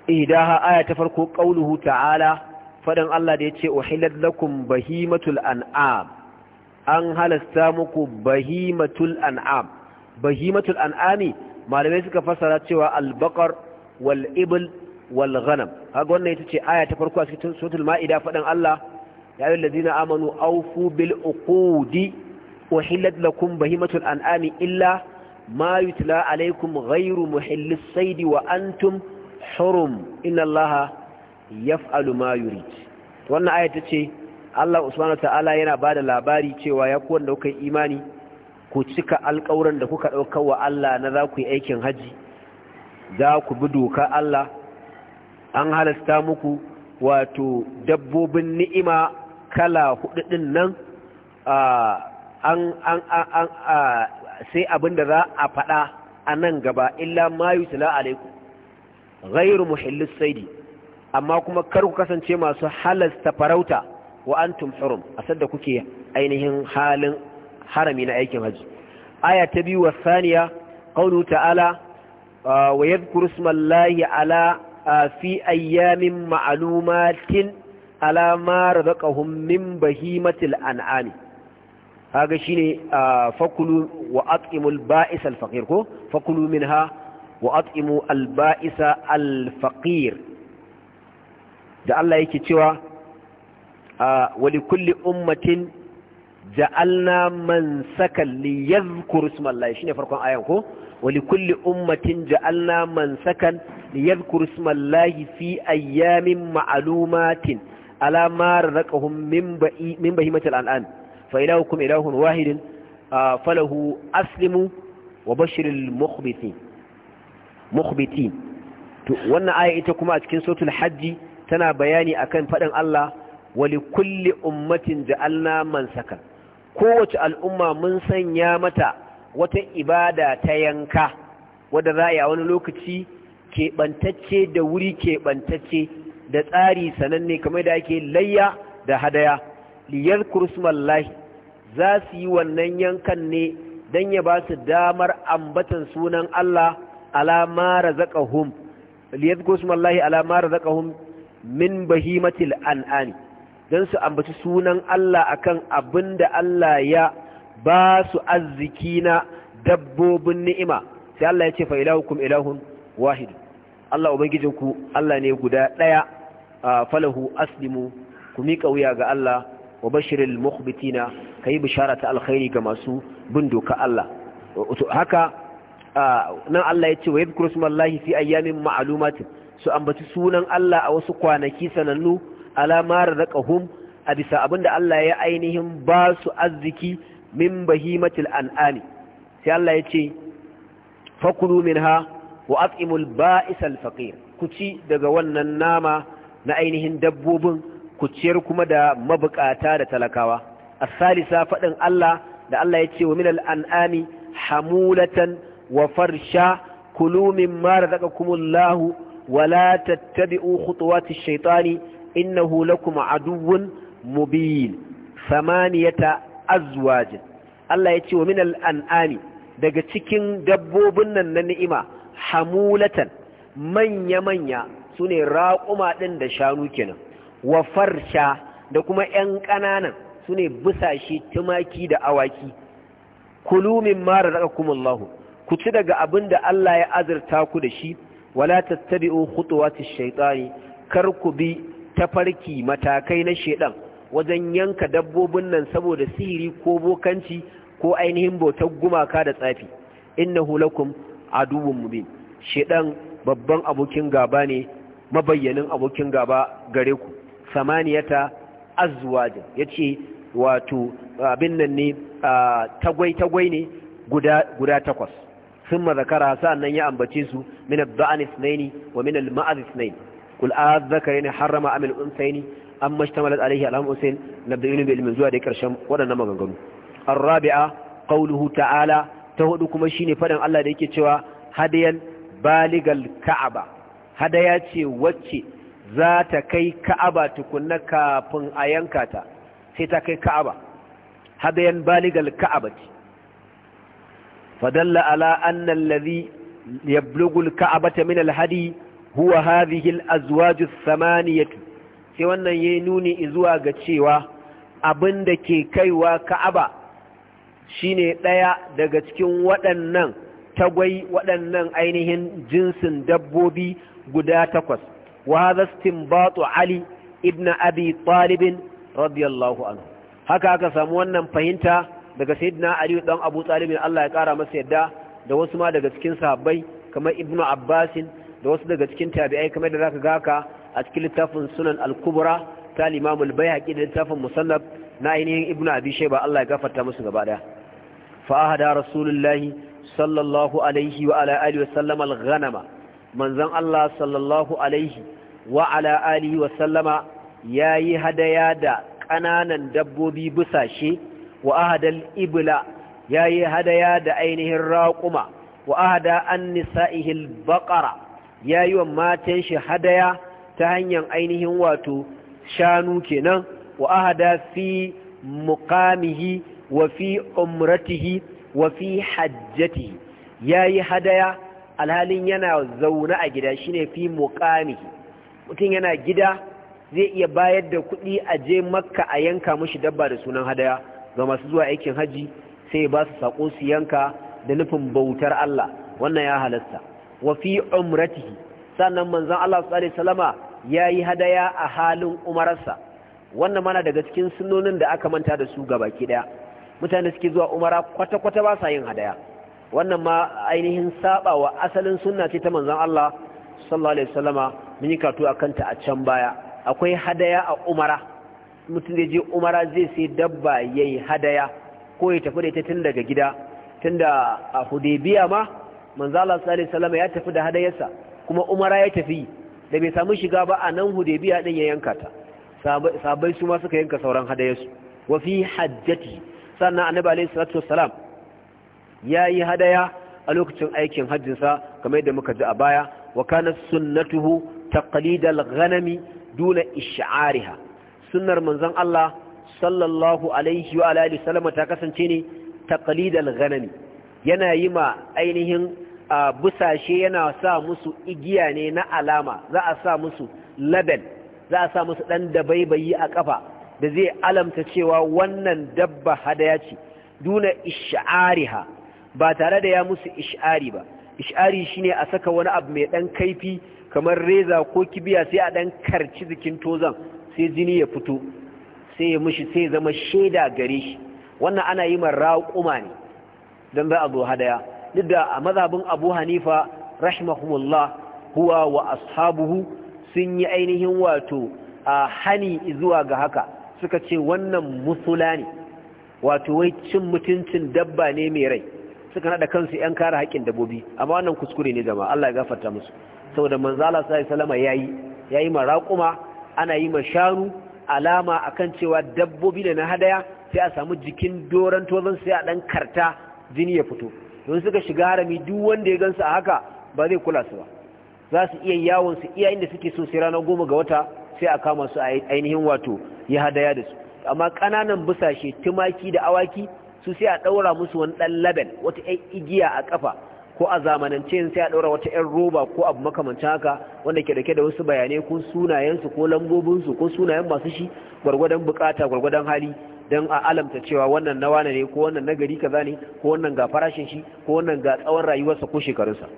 idaha aya ta farko ƙauluhu ta'ala fadan Allah da ya ce uhillat lakum bahimatul an'am an halasta muku bahimatul an'am bahimatul an'ami malamai suka fassara cewa al-baqar wal ibl wal ghanam kaga wannan ita ce aya ta farko a cikin suratul maida Faɗan, Allah ya ayyuhal ladina amanu aufu bil uqudi uhillat lakum bahimatul an'ami illa ma yutla alaykum ghayru muhillis sayd wa antum hurum inna allaha yaf'alu ma yurid wannan aya ta ce Allah subhanahu ta'ala yana bada labari cewa ya ku wanda kuka imani ku cika alƙawuran da kuka ɗauka wa Allah na za ku yi aikin haji za ku bi doka Allah an halasta muku wato dabbobin ni'ima kala hududin nan sai abinda za a faɗa a nan gaba illa ma yutla alaikum ghairu muhillis saidi amma kuma kar ku kasance masu halasta farauta wa antum hurum asad da kuke ainihin halin harami na aikin Hajji. aya ta biyu wa saniya qawlu ta'ala wa yadhkuru ismallahi ala A fi ayyamin ma'lumatin ala ma razaqahum min bahimatil an'ami kaga shine fakulu wa at'imul ba'is al ko fakulu min ha wa at'imu al ba'isa da Allah yake cewa wa kulli ummatin ja'alna man sakan liyar yadhkuru isma Allah shine farkon ayan ko wa kulli ummatin ja'alna man sakan yadhkur ismallahi fi ayyamin ma'lumatin ala ma razaqahum min ba'i min bahimatil an'am fa ilahukum ilahun falahu aslimu wa bashiril mukhbitin wannan aya ita kuma a cikin suratul hajji tana bayani akan faɗin Allah wali kulli ummatin ja'alna saka. kowace al'umma mun sanya mata wata ibada ta yanka wadda za a wani lokaci keɓantacce da wuri keɓantacce da tsari sananne kamar da ake layya da hadaya liyar lahi za su yi wannan yankan ne don ya ba su damar ambatan sunan Allah alama razaqahum liyar kursmallahi alama razaqahum min bahimatil an'ani don su ambaci sunan Allah akan abin da Allah ya ba su arziki na dabbobin ni'ima sai Allah ya ce fa ilahukum ilahun wahidun Allah ubangijinku Allah ne guda ɗaya a falahu aslimu ku miƙa wuya ga Allah wa bashirin bashiril ka yi bishara ta alkhairi ga masu bin doka Allah haka nan Allah ya ce wa yadhkuru smallahi fi ayyamin ma'lumat su ambaci sunan Allah a wasu kwanaki sanannu alamar hum a bisa abinda Allah ya ainihin ba su arziki min bahimatil an'ani sai Allah ya ce fakulu ha? wa at'imul ba'isal faƙir ku ci daga wannan nama na ainihin dabbobin ku ciyar kuma da mabukata da talakawa a salisa faɗin Allah da Allah ya ce wa minal an'ami hamulatan wa farsha kulu mimma kumullahu wa la tattabi'u khutuwati ash innahu lakum aduwwun mubin samaniyata azwaj Allah ya ce wa minal an'ami daga cikin dabbobin nan na ni'ima hamulatan manya-manya su ne raƙuma ɗin da shanu kenan wa farsha da kuma ‘yan ƙananan su ne busashe tumaki da awaki kulumin mara daga kumallahu ku ci daga abin da Allah ya azurta ku da shi wala tattabi'u khutuwati shaitani kar ku bi tafarki matakai na shedan wajen yanka dabbobin nan saboda sihiri ko bokanci ko ainihin bautar gumaka da tsafi innahu lakum aduwun mu bin shedan babban abokin gaba ne mabayyanin abokin gaba gare ku samaniyata azwaja yace wato abin nan ne tagwai tagwai ne guda guda takwas sun mazakara sa'an nan ya ambace su min ad-da'an ithnain wa min al-ma'ad ithnain kul a'dhakarin harrama amil unsaini amma ishtamalat alayhi alam usain nabdu'un bil min zuwa da karshen wadannan maganganu ar-rabi'a qawluhu ta'ala ta hudu kuma shine fadan Allah da yake cewa hadayan baligal ka'aba hadaya ce wacce za ta kai ka'aba tukunna kafin a yanka ta sai ta kai ka'aba hadayan baligal ka'aba ce fadalla ala anna allazi yablughu alka'abata min alhadi huwa hadhihi alazwaj athamaniyatu sai wannan yayi nuni zuwa ga cewa abinda ke kaiwa ka'aba shine ɗaya daga cikin waɗannan tagwai waɗannan ainihin jinsin dabbobi guda takwas wa hadha istinbatu ali ibn abi talib radiyallahu anhu haka aka samu wannan fahimta daga sayyidina ali dan abu talib Allah ya kara masa yadda da wasu ma daga cikin sahabbai kamar ibnu abbasin da wasu daga cikin tabi'ai kamar da zaka ga haka a cikin littafin sunan al-kubra ta limamul bayhaqi da littafin musannaf na ainihin ibnu abi shayba Allah ya gafarta musu gaba daya فأهدى رسول الله صلى الله عليه وعلى آله وسلم الغنم من زن الله صلى الله عليه وعلى آله وسلم ياي هدايا دا قنانا دبوبي بساشي وأهدى الإبلاء ياي هدايا دا أينه الراقمة وأهدى عن نسائه البقرة ياي وماتنش هدايا تهنيا أينه واتو شانو كنا وأهدى في مقامه wa fi umratihi wa fi hajjatihi yayi hadaya alhalin yana zauna a gida shine fi muqamihi mutum yana gida zai iya bayar da kuɗi a je makka a yanka mushi dabba da sunan hadaya ga masu zuwa aikin haji sai ya ba su sako su yanka da nufin bautar Allah wannan ya halasta wa fi umratihi sannan manzon Allah sallallahu alaihi wasallama yayi hadaya a halin umararsa wannan mana daga cikin sunnonin da aka manta da su gabaki daya mutane suke zuwa umara kwata-kwata ba sa yin hadaya wannan ma ainihin saba wa asalin sunna ce ta manzan Allah sallallahu alaihi wasallama mun yi kato akan ta a can baya akwai hadaya a umara mutum zai je umara zai sai dabba yayi hadaya ko ya tafi da ita tun daga gida tunda a Hudaybiya ma manzan Allah sallallahu alaihi wasallama ya tafi da hadayarsa kuma umara ya tafi da bai samu shiga ba a nan Hudaybiya din ya yanka ta sabai su ma suka yanka sauran hadayarsu wa fi hajjati sannan annabi alayhi salatu wassalam ya hadaya a lokacin aikin hajjinsa kamar yadda muka ji a baya wa kana sunnatuhu taqlidal ghanami duna ish'ariha sunnar manzon Allah sallallahu alaihi wa alihi sallama ta kasance ne taqlidal ghanami yana yi ma ainihin busashe yana sa musu igiya ne na alama za a sa musu label za a sa musu dan dabaibayi a kafa da zai alamta cewa wannan dabba hadaya ce duna ish'ariha ba tare da ya musu ish'ari ba ish'ari shine a saka wani abu mai dan kaifi kamar reza ko kibiya sai a dan karci jikin tozan sai jini ya fito sai ya mushi sai zama shaida gare shi wannan ana yi ma raƙuma ne dan za a zo hadaya duk da a mazhabin abu hanifa rahimahumullah huwa wa ashabuhu sun yi ainihin wato a hani zuwa ga haka suka ce wannan musula ne wato wai cin mutuncin dabba ne mai rai suka nada kansu yan kare haƙƙin dabbobi amma wannan kuskure ne jama'a Allah ya gafarta musu saboda manzo Allah sai salama yayi yayi ma raƙuma ana yi ma shanu alama akan cewa dabbobi da na hadaya sai a samu jikin doran tozon sai a dan karta jini ya fito don suka shiga harami duk wanda ya gansu a haka ba zai kula su ba za su iya yawon su iya inda suke so sai ranar goma ga wata sai a kama su a ainihin wato ya hadaya da su amma kananan busashe tumaki da awaki su sai a daura musu wani dan label wata ‘yan igiya a kafa ko a zamanance sai a daura wata ‘yan roba ko abu makamancin haka wanda ke dauke da wasu bayanai ko sunayensu ko lambobinsu ko sunayen masu shi gwargwadon bukata gwargwadon hali don a alamta cewa wannan na wane ne ko wannan na gari kaza ne ko wannan ga farashin shi ko wannan ga tsawon rayuwarsa ko shekarunsa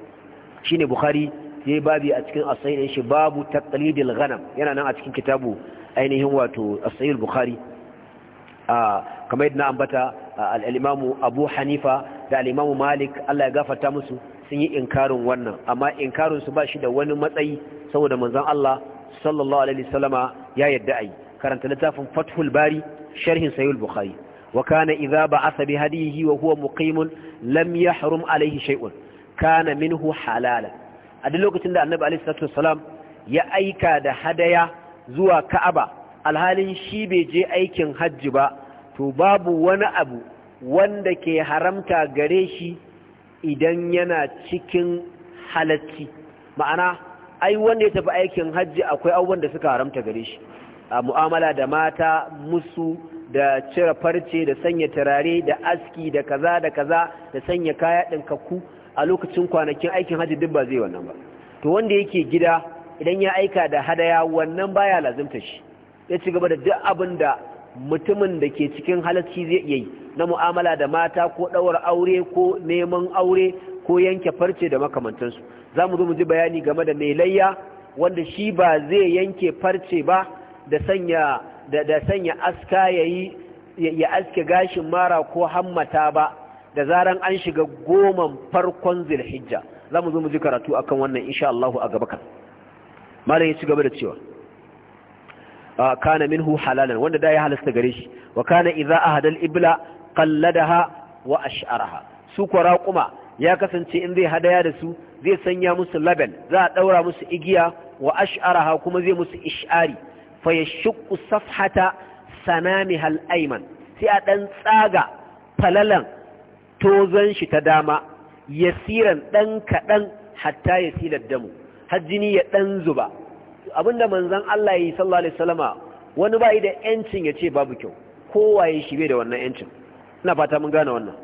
shine bukhari yayi babi a cikin asayin shi babu taqlidil ghanam yana nan a cikin kitabu ainihin wato sahih bukhari kamar yadda na ambata al-imamu abu hanifa da al malik Allah ya gafata musu sun yi inkarin wannan amma inkarin su ba shi da wani matsayi saboda manzon Allah sallallahu alaihi wasallama ya yadda ai karanta littafin fathul bari sharhin sahih bukhari wa kana idza ba'atha bi hadihi wa huwa muqimun lam yahrum alaihi shay'un kana minhu halalan a duk lokacin da annabi alaihi salatu wasalam ya aika da hadaya zuwa ka'aba alhalin shi bai je aikin hajji ba to babu wani abu wanda ke haramta gare shi idan yana cikin halacci ma'ana ai wanda ya tafi aikin hajji akwai abubuwan da suka haramta gare shi a mu'amala da mata musu da cire farce da sanya turare da aski da kaza da kaza da sanya kaya ɗin kakku a lokacin kwanakin aikin hajji duk ba zai wannan ba to wanda yake gida idan ya aika da hadaya wannan baya lazimta shi ya ci gaba da duk abin da mutumin da ke cikin halarci zai iya yi na mu'amala da mata ko ɗawar aure ko neman aure ko yanke farce da makamantansu za mu zo mu ji bayani game da mai layya wanda shi ba zai yanke farce ba da sanya da sanya aska ya aske gashin mara ko hammata ba da zaran an shiga goman farkon zilhijja za mu zo mu ji karatu akan wannan insha Allah a gaba kan malam ya ci gaba da cewa kana minhu halalan wanda da ya halasta gare shi wa kana idza ahadal ibla qalladaha wa ash'araha su ko raquma ya kasance in zai hadaya da su zai sanya musu label za a daura musu igiya wa ash'araha kuma zai musu ish'ari fa yashqu safhata sanamihal ayman sai a dan tsaga falalan tozon shi ta dama yasiran dan kadan hatta yasilar damu har jini ya dan zuba abinda manzon Allah yi sallallahu alaihi wasallama wani bai da yancin ya ce babu kyau kowaye shi bai da wannan yancin ina fata mun gane wannan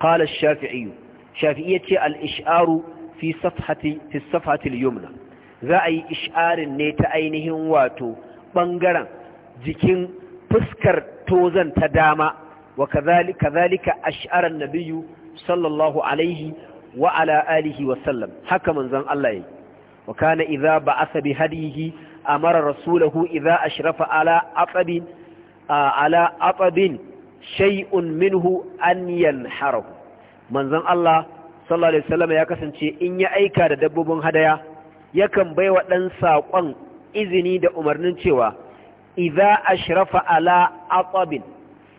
qala ash-shafi'i shafi'i yace al-ish'aru fi safhati fi safhati al-yumna za a yi ish'arin ne ta ainihin wato bangaren jikin fuskar tozan ta dama wa kazalika Asharar ash'ara an-nabiyyu sallallahu alaihi wa ala alihi wa sallam haka manzon Allah yake wa kana idza ba'atha bi hadihi amara rasulahu idza ashrafa ala atabin ala atabin shay'un minhu an yanharahu manzon Allah sallallahu alaihi wasallam ya kasance in ya aika da dabbobin hadaya yakan wa ɗan saƙon izini da umarnin cewa idza ashrafa ala atabin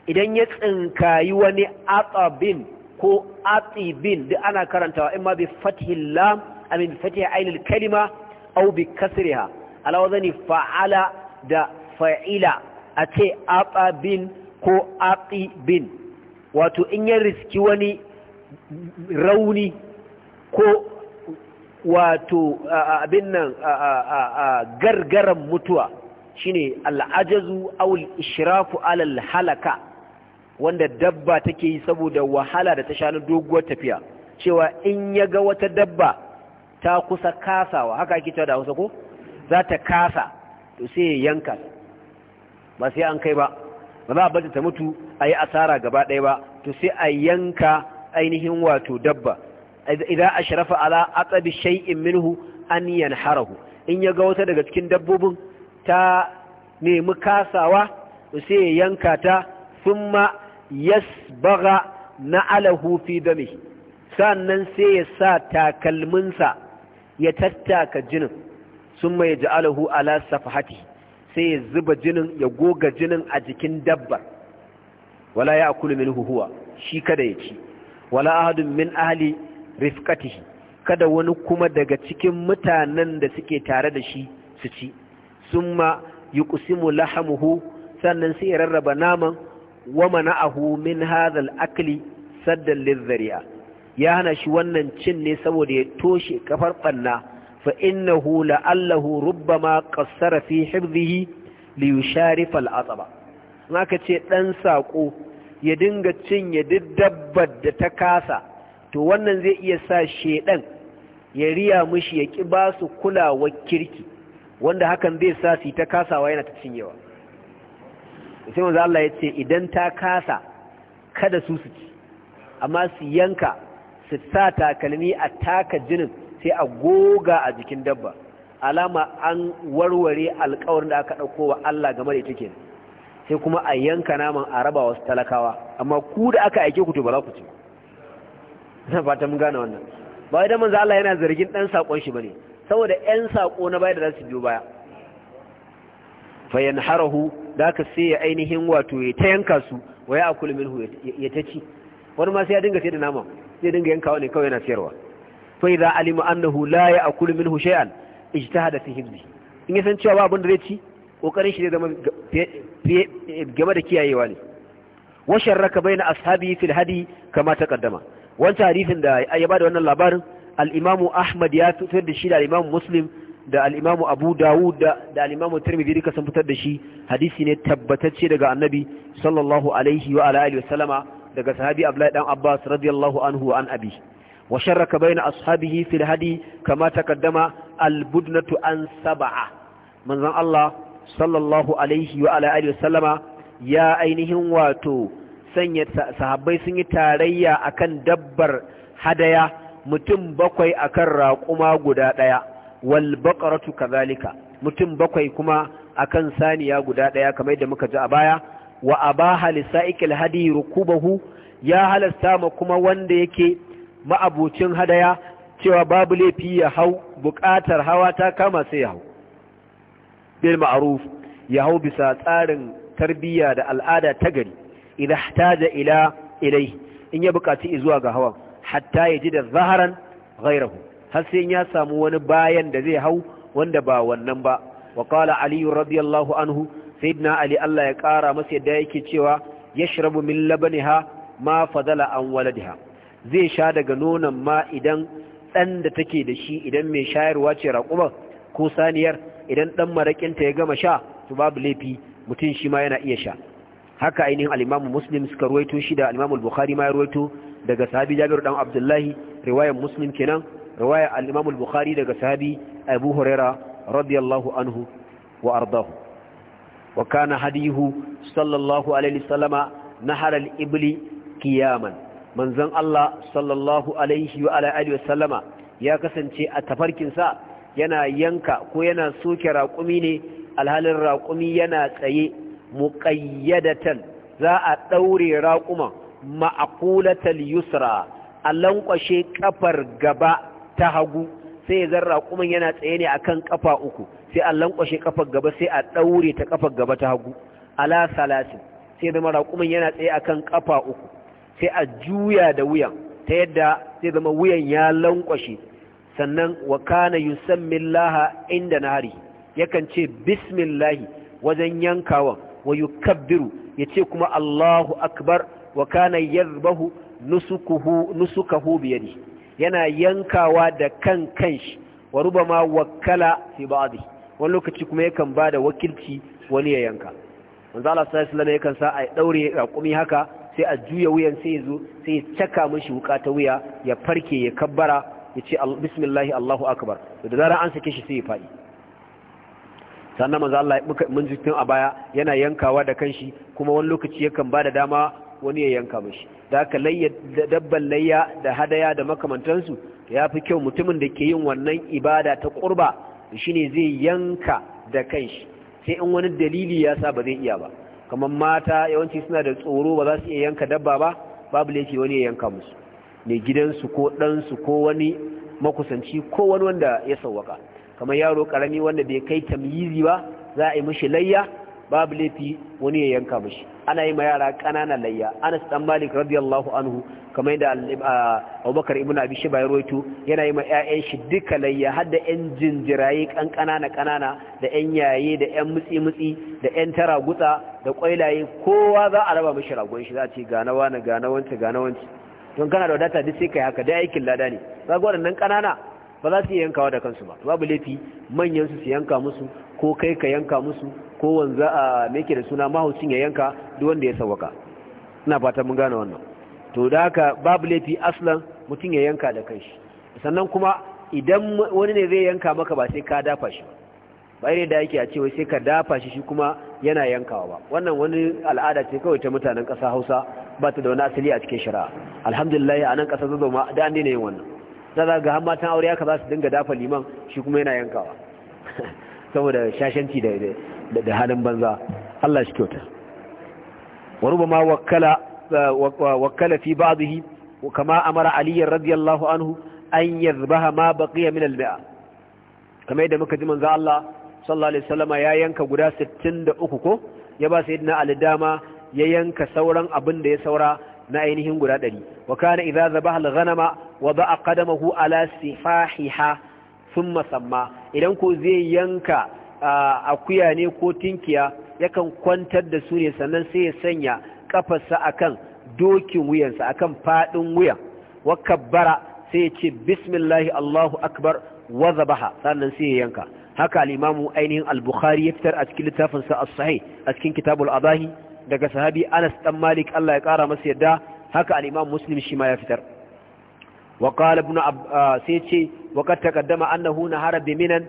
idan ya tsinkayi wani atabin ko atibin duk ana karantawa imma bi fathil lam amin fatiha ainul kalima au bi kasriha ala fa'ala da fa'ila a ce aqabin ko aqibin wato in ya riski wani rauni ko wato abin nan gargaran mutuwa shine al'ajazu awul ishrafu alal halaka wanda dabba take yi saboda wahala da ta sha na doguwar tafiya cewa in ya ga wata dabba ta kusa kasawa haka ake cewa da hausa ko za ta kasa to sai yanka ba sai an kai ba ba za a bata ta mutu a yi asara gaba ɗaya ba to sai a yanka ainihin wato dabba idan a sharafa ala atsabi shay'in minhu an yanharahu in ya ga wata daga cikin dabbobin ta nemi kasawa to sai yanka ta thumma yasbaga na alahu fi dami sannan sai ya sa takalminsa ya tattaka jinin sun mai ja'alahu ala safahati sai ya zuba jinin ya goga jinin a jikin dabbar wala ya kula min huwa shi kada ya ci wala ahadun min ahli rifqatihi kada wani kuma daga cikin mutanen da suke tare da shi su ci summa yuqsimu lahamuhu sannan sai ya rarraba naman wa mana'ahu min hadha al-akli saddan zari'a. ya hana shi wannan cin ne saboda ya toshe kafar banna fa innahu la'allahu rubbama qassara fi hifdhihi li al azaba maka ce dan sako ya dinga cin ya diddabbar da ta kasa to wannan zai iya sa shedan ya riya mishi ya ki ba su kirki wanda hakan zai sa su ta kasawa yana ta cinyewa sai manzo Allah ya ce idan ta kasa kada su su ci amma su yanka sa takalmi a taka jinin sai a goga a jikin dabba alama an warware alkawarin da aka ɗauko wa Allah game da ita sai kuma a yanka naman a raba wasu talakawa amma ku da aka aike ku to ba za ku ci na fata mun gane wannan ba idan manzo Allah yana zargin dan sakon shi bane saboda ƴan sako na baya da za su biyo baya fa yanharahu da ka sai ya ainihin wato ya ta yanka su wa ya akul minhu ya ta ci wani ma sai ya dinga sai da naman zai dinga yankawa ne kawai yana siyarwa fa idza alima annahu la ya'kulu minhu shay'an ijtahada fi hibzi in ya san cewa ba abin da zai ci kokarin shi zai zama eh, game da kiyayewa ne wa sharraka baina ashabi fil hadi kama taqaddama wancan hadisin da ya bada wannan labarin al-imamu ahmad ya fitar da shi da al-imamu muslim da al'imamu abu dawud da al'imamu tirmidhi duka sun fitar da shi hadisi ne tabbatacce daga annabi sallallahu alaihi wa wa sallama daga sahabi Abdullahi dan Abbas radiyallahu anhu an abi wa sharraka baina ashabihi fil hadi kama taqaddama albudnatu an sab'a manzon Allah sallallahu alaihi wa ala alihi wasallama ya ainihin wato sanya sahabbai sun yi tarayya akan dabbar hadaya mutum bakwai akan raƙuma guda ɗaya wal baqaratu kadhalika mutum bakwai kuma akan saniya guda ɗaya kamar da muka ji a baya wa abaha lisa'ikil hadi rukubahu ya halasta ma kuma wanda yake ma'abucin hadaya cewa babu laifi ya hau buƙatar hawa ta kama sai ya hau bil ma'ruf ya hau bisa tsarin tarbiyya da al'ada ta gari idan ihtaja ila ilai in ya buƙaci zuwa ga hawan hatta ya ji da zaharan ghairahu har sai ya samu wani bayan da zai hau wanda ba wannan ba wa qala ali radiyallahu anhu saidina ali Allah ya kara masa yadda yake cewa yashrabu min labaniha ma fadala an waladiha zai sha daga nonon ma idan dan da take da shi idan mai shayarwa ce raƙuban ko saniyar idan dan maraƙinta ya gama sha to babu laifi mutum shi ma yana iya sha haka ainihin al Muslim suka ruwaito shi da al Bukhari ma ya ruwaito daga sahabi jabiru dan Abdullahi riwayar Muslim kenan riwayar al-Imam Bukhari daga sahabi Abu Huraira radiyallahu anhu wa ardahu Wakana kana hadihu sallallahu alaihi wasallama nahar al-ibli qiyaman manzon Allah sallallahu alaihi wa alihi ya kasance a tafarkin sa yana yanka ko yana soke raƙumi ne alhalin raƙumi yana tsaye mu muqayyadatan za a ɗaure raƙuman ma'aƙulatal yusra a lanƙwashe ƙafar gaba ta hagu sai ya zarra kuma yana tsaye ne akan kafa uku sai a lankwashe kafar gaba sai a daure ta kafar gaba ta hagu ala salasin sai zama raƙumin yana tsaye akan kafa uku sai a juya da wuyan ta yadda sai zama wuyan ya lankwashe sannan wa kana yusammillaha inda nahari yakan ce bismillahi wajen yankawa wa yukabbiru yace kuma Allahu akbar wa kana yadhbahu nusukuhu nusukahu biyadihi yana yankawa da kan kanshi wa ruba ma wakala fi ba'dhi wani lokaci kuma yakan ba da wakilci wani ya yanka manzo Allah sallallahu alaihi yakan sa a daure kumi haka sai a juya wuyan sai ya zo sai ya caka mishi wuka ta wuya ya farke ya kabbara ya ce bismillahi Allahu akbar da zarar an sake shi sai ya fadi sannan manzo Allah mun ji tun a baya yana yankawa da kanshi kuma wani lokaci yakan ba da dama wani ya yanka mishi da aka layya dabban layya da hadaya da makamantansu ya fi kyau mutumin da ke yin wannan ibada ta kurba shine zai yanka da kanshi sai in wani dalili ya sa ba zai iya ba kamar mata yawanci suna da tsoro ba za su iya yanka dabba ba babu laifi wani ya yanka musu mai gidansu ko ɗansu ko wani makusanci ko wani wanda ya sauwaka kamar yaro karami wanda bai kai tamyizi ba za a yi mishi layya babu laifi wani ya yanka mishi ana yi ma yara layya anas dan malik radiyallahu anhu kamar da uh, abubakar ibn abi shiba ya roito yana yi ma ƴaƴan shi duka layya har da ƴan jinjiraye kan kanana ƙanana da ƴan yaye da ƴan mutsi mutsi da ƴan tara gutsa da ƙwailaye kowa za a raba mishi ragon shi za a ce gana wani gana wanci gana wanci don kana da wadata duk sai kai haka dai aikin lada ne za ga waɗannan ƙanana ba za su iya yankawa da kansu ba babu laifi manyan su su yanka musu ko kai ka yanka musu ko za a meke da suna mahaucin ya yanka duk wanda ya sawaka ina fata mun gane wannan to da haka babu laifi aslan mutum ya yanka da kanshi sannan kuma idan wani ne zai yanka maka ba sai ka dafa shi ba ne da yake a cewa sai ka dafa shi shi kuma yana yankawa ba wannan wani al'ada ce kawai ta mutanen ƙasa hausa ba ta da wani asali a cikin shari'a alhamdulillah a nan ƙasa zo ma da an daina yin wannan za za ga matan aure haka za su dinga dafa liman shi kuma yana yankawa saboda shashanci da da halin banza Allah shi kyauta fi ba'dihi kama amara ali radiyallahu anhu an yadhbaha ma baqiya min al kamar yadda muka ji manzo Allah sallallahu alaihi wasallama ya yanka guda 63 ko ya ba sayyidina ali dama ya yanka sauran abin da ya saura na ainihin guda ɗari wa kana idza zabaha al-ghanama wa qadamahu ala sifahiha thumma samma idan ko zai yanka akuya ne ko tinkiya yakan kwantar da su ne sannan sai ya sanya kafarsa akan dokin wuyansa akan fadin wuyan wa kabbara sai ya ce bismillahi allahu akbar wa zabaha sannan sai ya yanka haka al-imamu ainihin al-bukhari ya fitar a cikin littafin sa as-sahih a cikin kitabul adahi daga sahabi Anas dan Malik Allah ya kara masa yadda haka al-imam Muslim shi ma ya fitar wa qala ibn sai ce wa qad taqaddama annahu nahara bi minan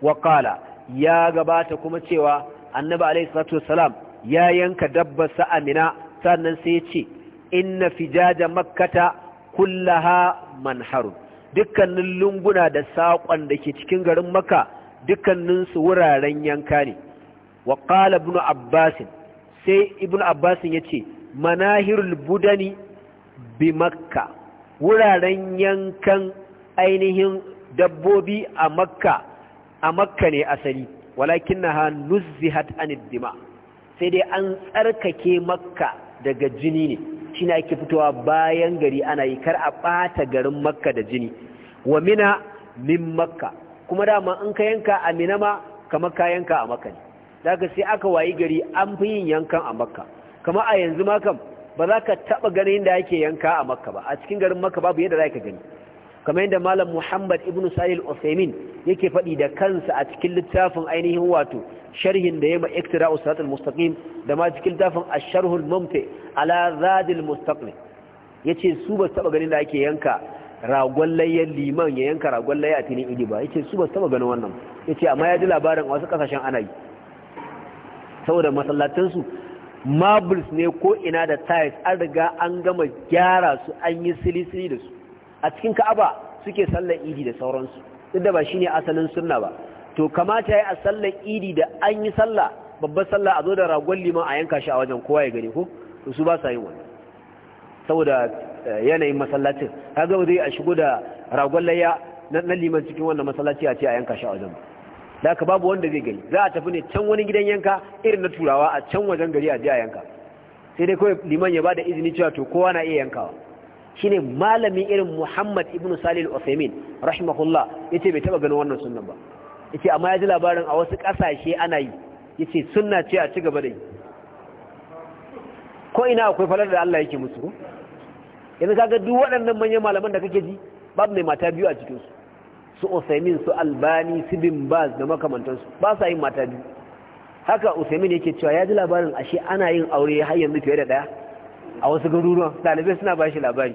wa qala ya gabata kuma cewa annabi alaihi salatu wassalam ya yanka dabbar sa amina sannan sai ya ce inna fijaja makkata kullaha manharu dukkanin lunguna da saƙon da ke cikin garin makka dukkaninsu wuraren yanka ne wa qala ibnu abbasin sai ibnu abbas ya ce manahirul budani bi makka wuraren yankan ainihin dabbobi a makka a makka ne asali walakin na nuzzihat anid dima sai dai an tsarkake makka daga jini ne shi ake fitowa bayan gari ana yi kar a ɓata garin makka da jini wa mina min makka kuma dama in ka yanka a mina ma kamar ka a makka ne daga sai aka wayi gari an fi yin yankan a makka kama a yanzu ma kam ba za ka taɓa ganin da yake yanka a makka ba a cikin garin makka babu yadda za ka gani kamar yadda malam muhammad ibn salil usaimin yake faɗi da kansa a cikin littafin ainihin wato sharhin da ya ma iktira usarat al-mustaqim da ma cikin littafin ash-sharhul mumti ala zadil mustaqim yace su ba taɓa ganin da ake yanka ragon layyan liman ya yanka ragon layya a filin idi ba yace su ba taɓa ganin wannan yace amma ya ji labarin a wasu kasashen ana yi saboda masallatan su marbles ne ko ina da tiles an riga an gama gyara su an yi silisili da su a cikin ka'aba suke sallar idi da sauransu duk da ba shine asalin sunna ba to kamata ya yi a sallar idi da an yi sallah babbar sallah a zo da ragon liman a yanka shi a wajen kowa ya gani ko su ba sa yin wani, saboda eh, yanayin masallacin kaga zai a shigo da ragon layya na liman cikin wannan masallaci a ce a yanka shi a wajen da ka babu wanda zai gani za a tafi ne can wani gidan yanka irin na turawa a can wajen gari a je a yanka sai dai kawai liman ya ba da izini cewa to kowa na iya yankawa shine malami irin Muhammad ibn Salih al-Uthaymeen rahimahullah yace bai taba ganin wannan sunnan ba yace amma ya ji labarin a wasu kasashe ana yi yace sunna ce a cigaba da yi ko ina akwai falar da Allah yake musu yanzu kaga duk waɗannan manyan malaman da kake ji babu mai mata biyu a cikin su su Uthaymeen su Albani su Ibn Baz da su ba sa yin mata biyu haka Uthaymeen yake cewa ya ji labarin ashe ana yin aure har yanzu fiye da daya a wasu garuruwan ɗalibai suna ba shi labari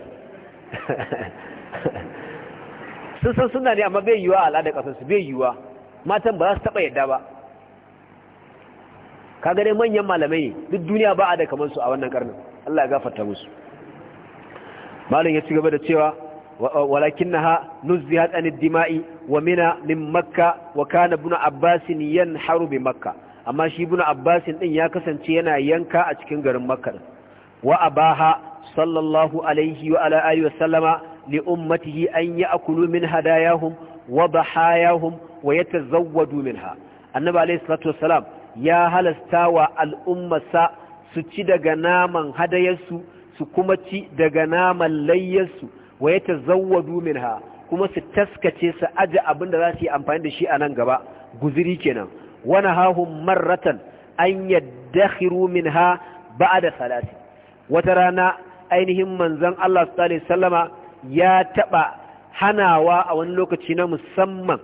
sun san suna ne amma bai yiwuwa a al'adar ƙasarsu bai yiwuwa matan ba za su taɓa yadda ba Ka gane manyan malamai duk duniya ba a da kamar su a wannan karnin Allah ya gafarta musu malam ya ci gaba da cewa walakin walakinnaha nuzzihat anid dima'i wa mina min makka wa kana abbasin yan haru bi makka amma shi buna abbasin din ya kasance yana yanka a cikin garin makka وأباها صلى الله عليه وعلى آله وسلم لأمته أن يأكلوا من هداياهم وضحاياهم ويتزودوا منها النبي عليه الصلاة والسلام يا هل استوى الأمة سجد ناما هدايسو سكمتي دغناما ليسو ويتزودوا منها kuma su taskace su aje abin da za su yi amfani da shi a nan gaba guziri kenan wani hahun marratan an yadda min ha ba da salasi wata rana ainihin manzon Allah su alaihi ya taɓa hanawa a wani lokaci na musamman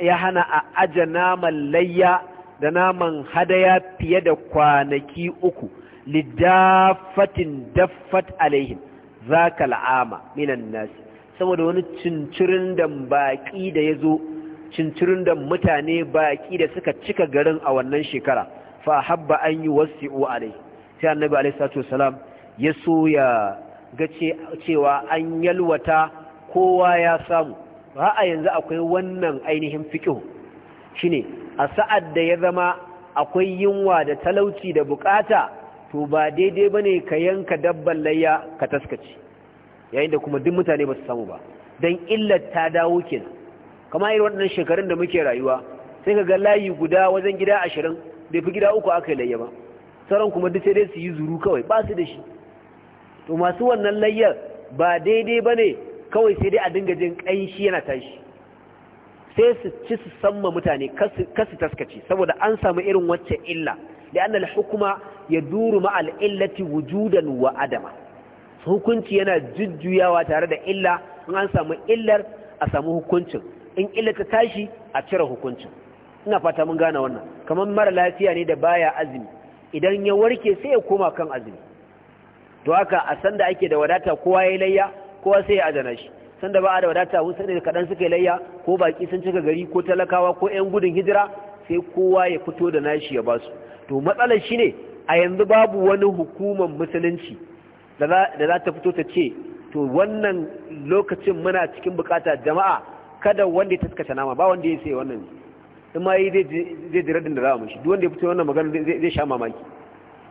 ya hana a aja naman layya da naman hadaya fiye da kwanaki uku lidafatin daffat alaihim ka la'ama minan nasi saboda wani cincirin da baƙi da ya zo cincirin da mutane baƙi da suka cika garin a wannan shekara fa habba an yi wasu alaihi sai annabi alaihi salatu ya so ya ga cewa an yalwata kowa ya samu ba a yanzu akwai wannan ainihin fiƙo. shine a sa'ad da ya zama akwai yunwa da talauci da bukata to ba daidai bane ka yanka dabban layya ka taskace yayin da kuma duk mutane ba su samu ba dan illar ta dawo kenan kamar irin waɗannan shekarun da muke rayuwa sai ka ga layi guda wajen gida ashirin bai fi gida uku aka yi layya ba sauran kuma duk sai dai su yi zuru kawai ba su da shi to masu wannan layyar ba daidai ba ne kawai sai dai a dinga jin ƙanshi yana tashi sai su ci su ma mutane kasu taskace saboda an samu irin wacce illa da hukuma ya duru ma'al illati wujudan wa adama hukunci yana jujjuyawa tare da illa in an samu illar a samu hukuncin in illa ta tashi a cire hukuncin ina fata mun gane wannan kamar mara lafiya ne da baya azumi idan ya warke sai ya koma kan azumi to haka a sanda ake da wadata kowa ya layya kowa sai ya adana shi sanda ba a da wadata wasu ne kaɗan suka layya ko baki sun cika gari ko talakawa ko 'yan gudun hijira sai kowa ya fito da nashi ya basu to matsalar shi ne a yanzu babu wani hukumar musulunci da za ta fito ta ce to wannan lokacin muna cikin bukata jama'a kada wanda ya taskata nama ba wanda ya sai wannan in ma yi zai ji radin da za a mashi duk wanda ya fito wannan magana zai sha mamaki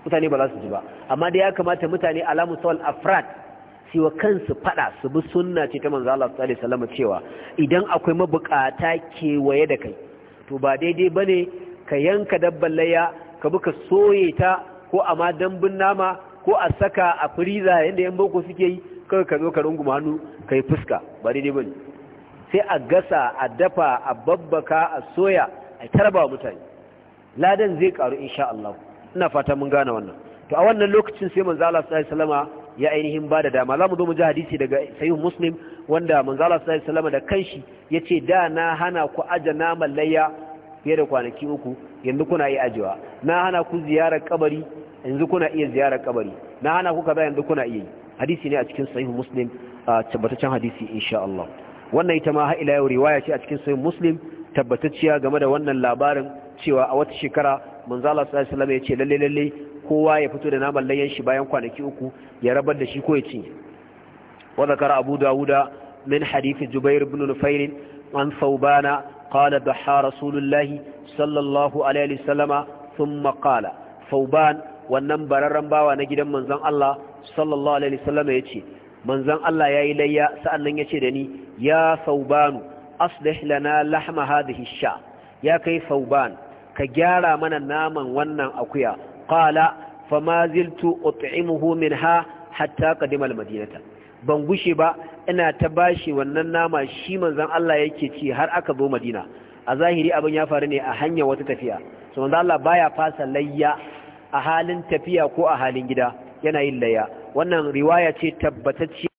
mutane ba za su ji ba amma da ya kamata mutane alamu sawal afrad su wa kansu fada su bi sunna ce ta manzo Allah sallallahu alaihi cewa idan akwai mabukata kewaye da kai to ba daidai bane ka yanka dabban laya ka bi ka soye ta ko a ma dambun nama ko a saka a firiza yadda yan boko suke yi kawai ka zo ka runguma hannu ka yi fuska ba daidai bane sai a gasa a dafa a babbaka a soya a tarba mutane ladan zai karu insha Allah ina fata mun gane wannan to a wannan lokacin sai manzo Allah sallallahu alaihi ya ainihin bada dama zamu zo mu ji hadisi daga sahih muslim wanda manzo Allah sallallahu alaihi wasallama da kanshi yace da na hana ku aje naman layya fiye da kwanaki uku yanzu kuna yi ajewa na hana ku ziyarar kabari yanzu kuna iya ziyarar kabari na hana ku kaza yanzu kuna iya yi hadisi ne a cikin sahih muslim a tabbataccen hadisi insha Allah wannan ita ma har ila yau riwaya ce a cikin sahih muslim tabbatacciya game da wannan labarin cewa a wata shekara manzo Allah sallallahu alaihi wasallam ya ce lalle lalle kowa ya fito da naman layyan shi bayan kwanaki uku ya rabar da shi ko ya cinye wa zakara abu dawuda min hadith jubair ibn nufair an thawbana qala dhaha rasulullah sallallahu alaihi wasallam thumma qala thawban wannan bararran bawa na gidan manzon Allah sallallahu alaihi wasallam ya ce manzon Allah yayi layya sa'annan ya ce da ni ya saubanu aslih lana lahma hadhihi sha ya kai sauban ka gyara mana naman wannan akuya qala fama ziltu ut'imuhu minha hatta qadima Madinata ban gushe ba ina ta bashi wannan nama shi manzon Allah yake ci har aka zo Madina a zahiri abin ya faru ne a hanyar wata tafiya so manzon Allah baya fasa layya a halin tafiya ko a halin gida yana yin layya wannan riwaya ce tabbatacce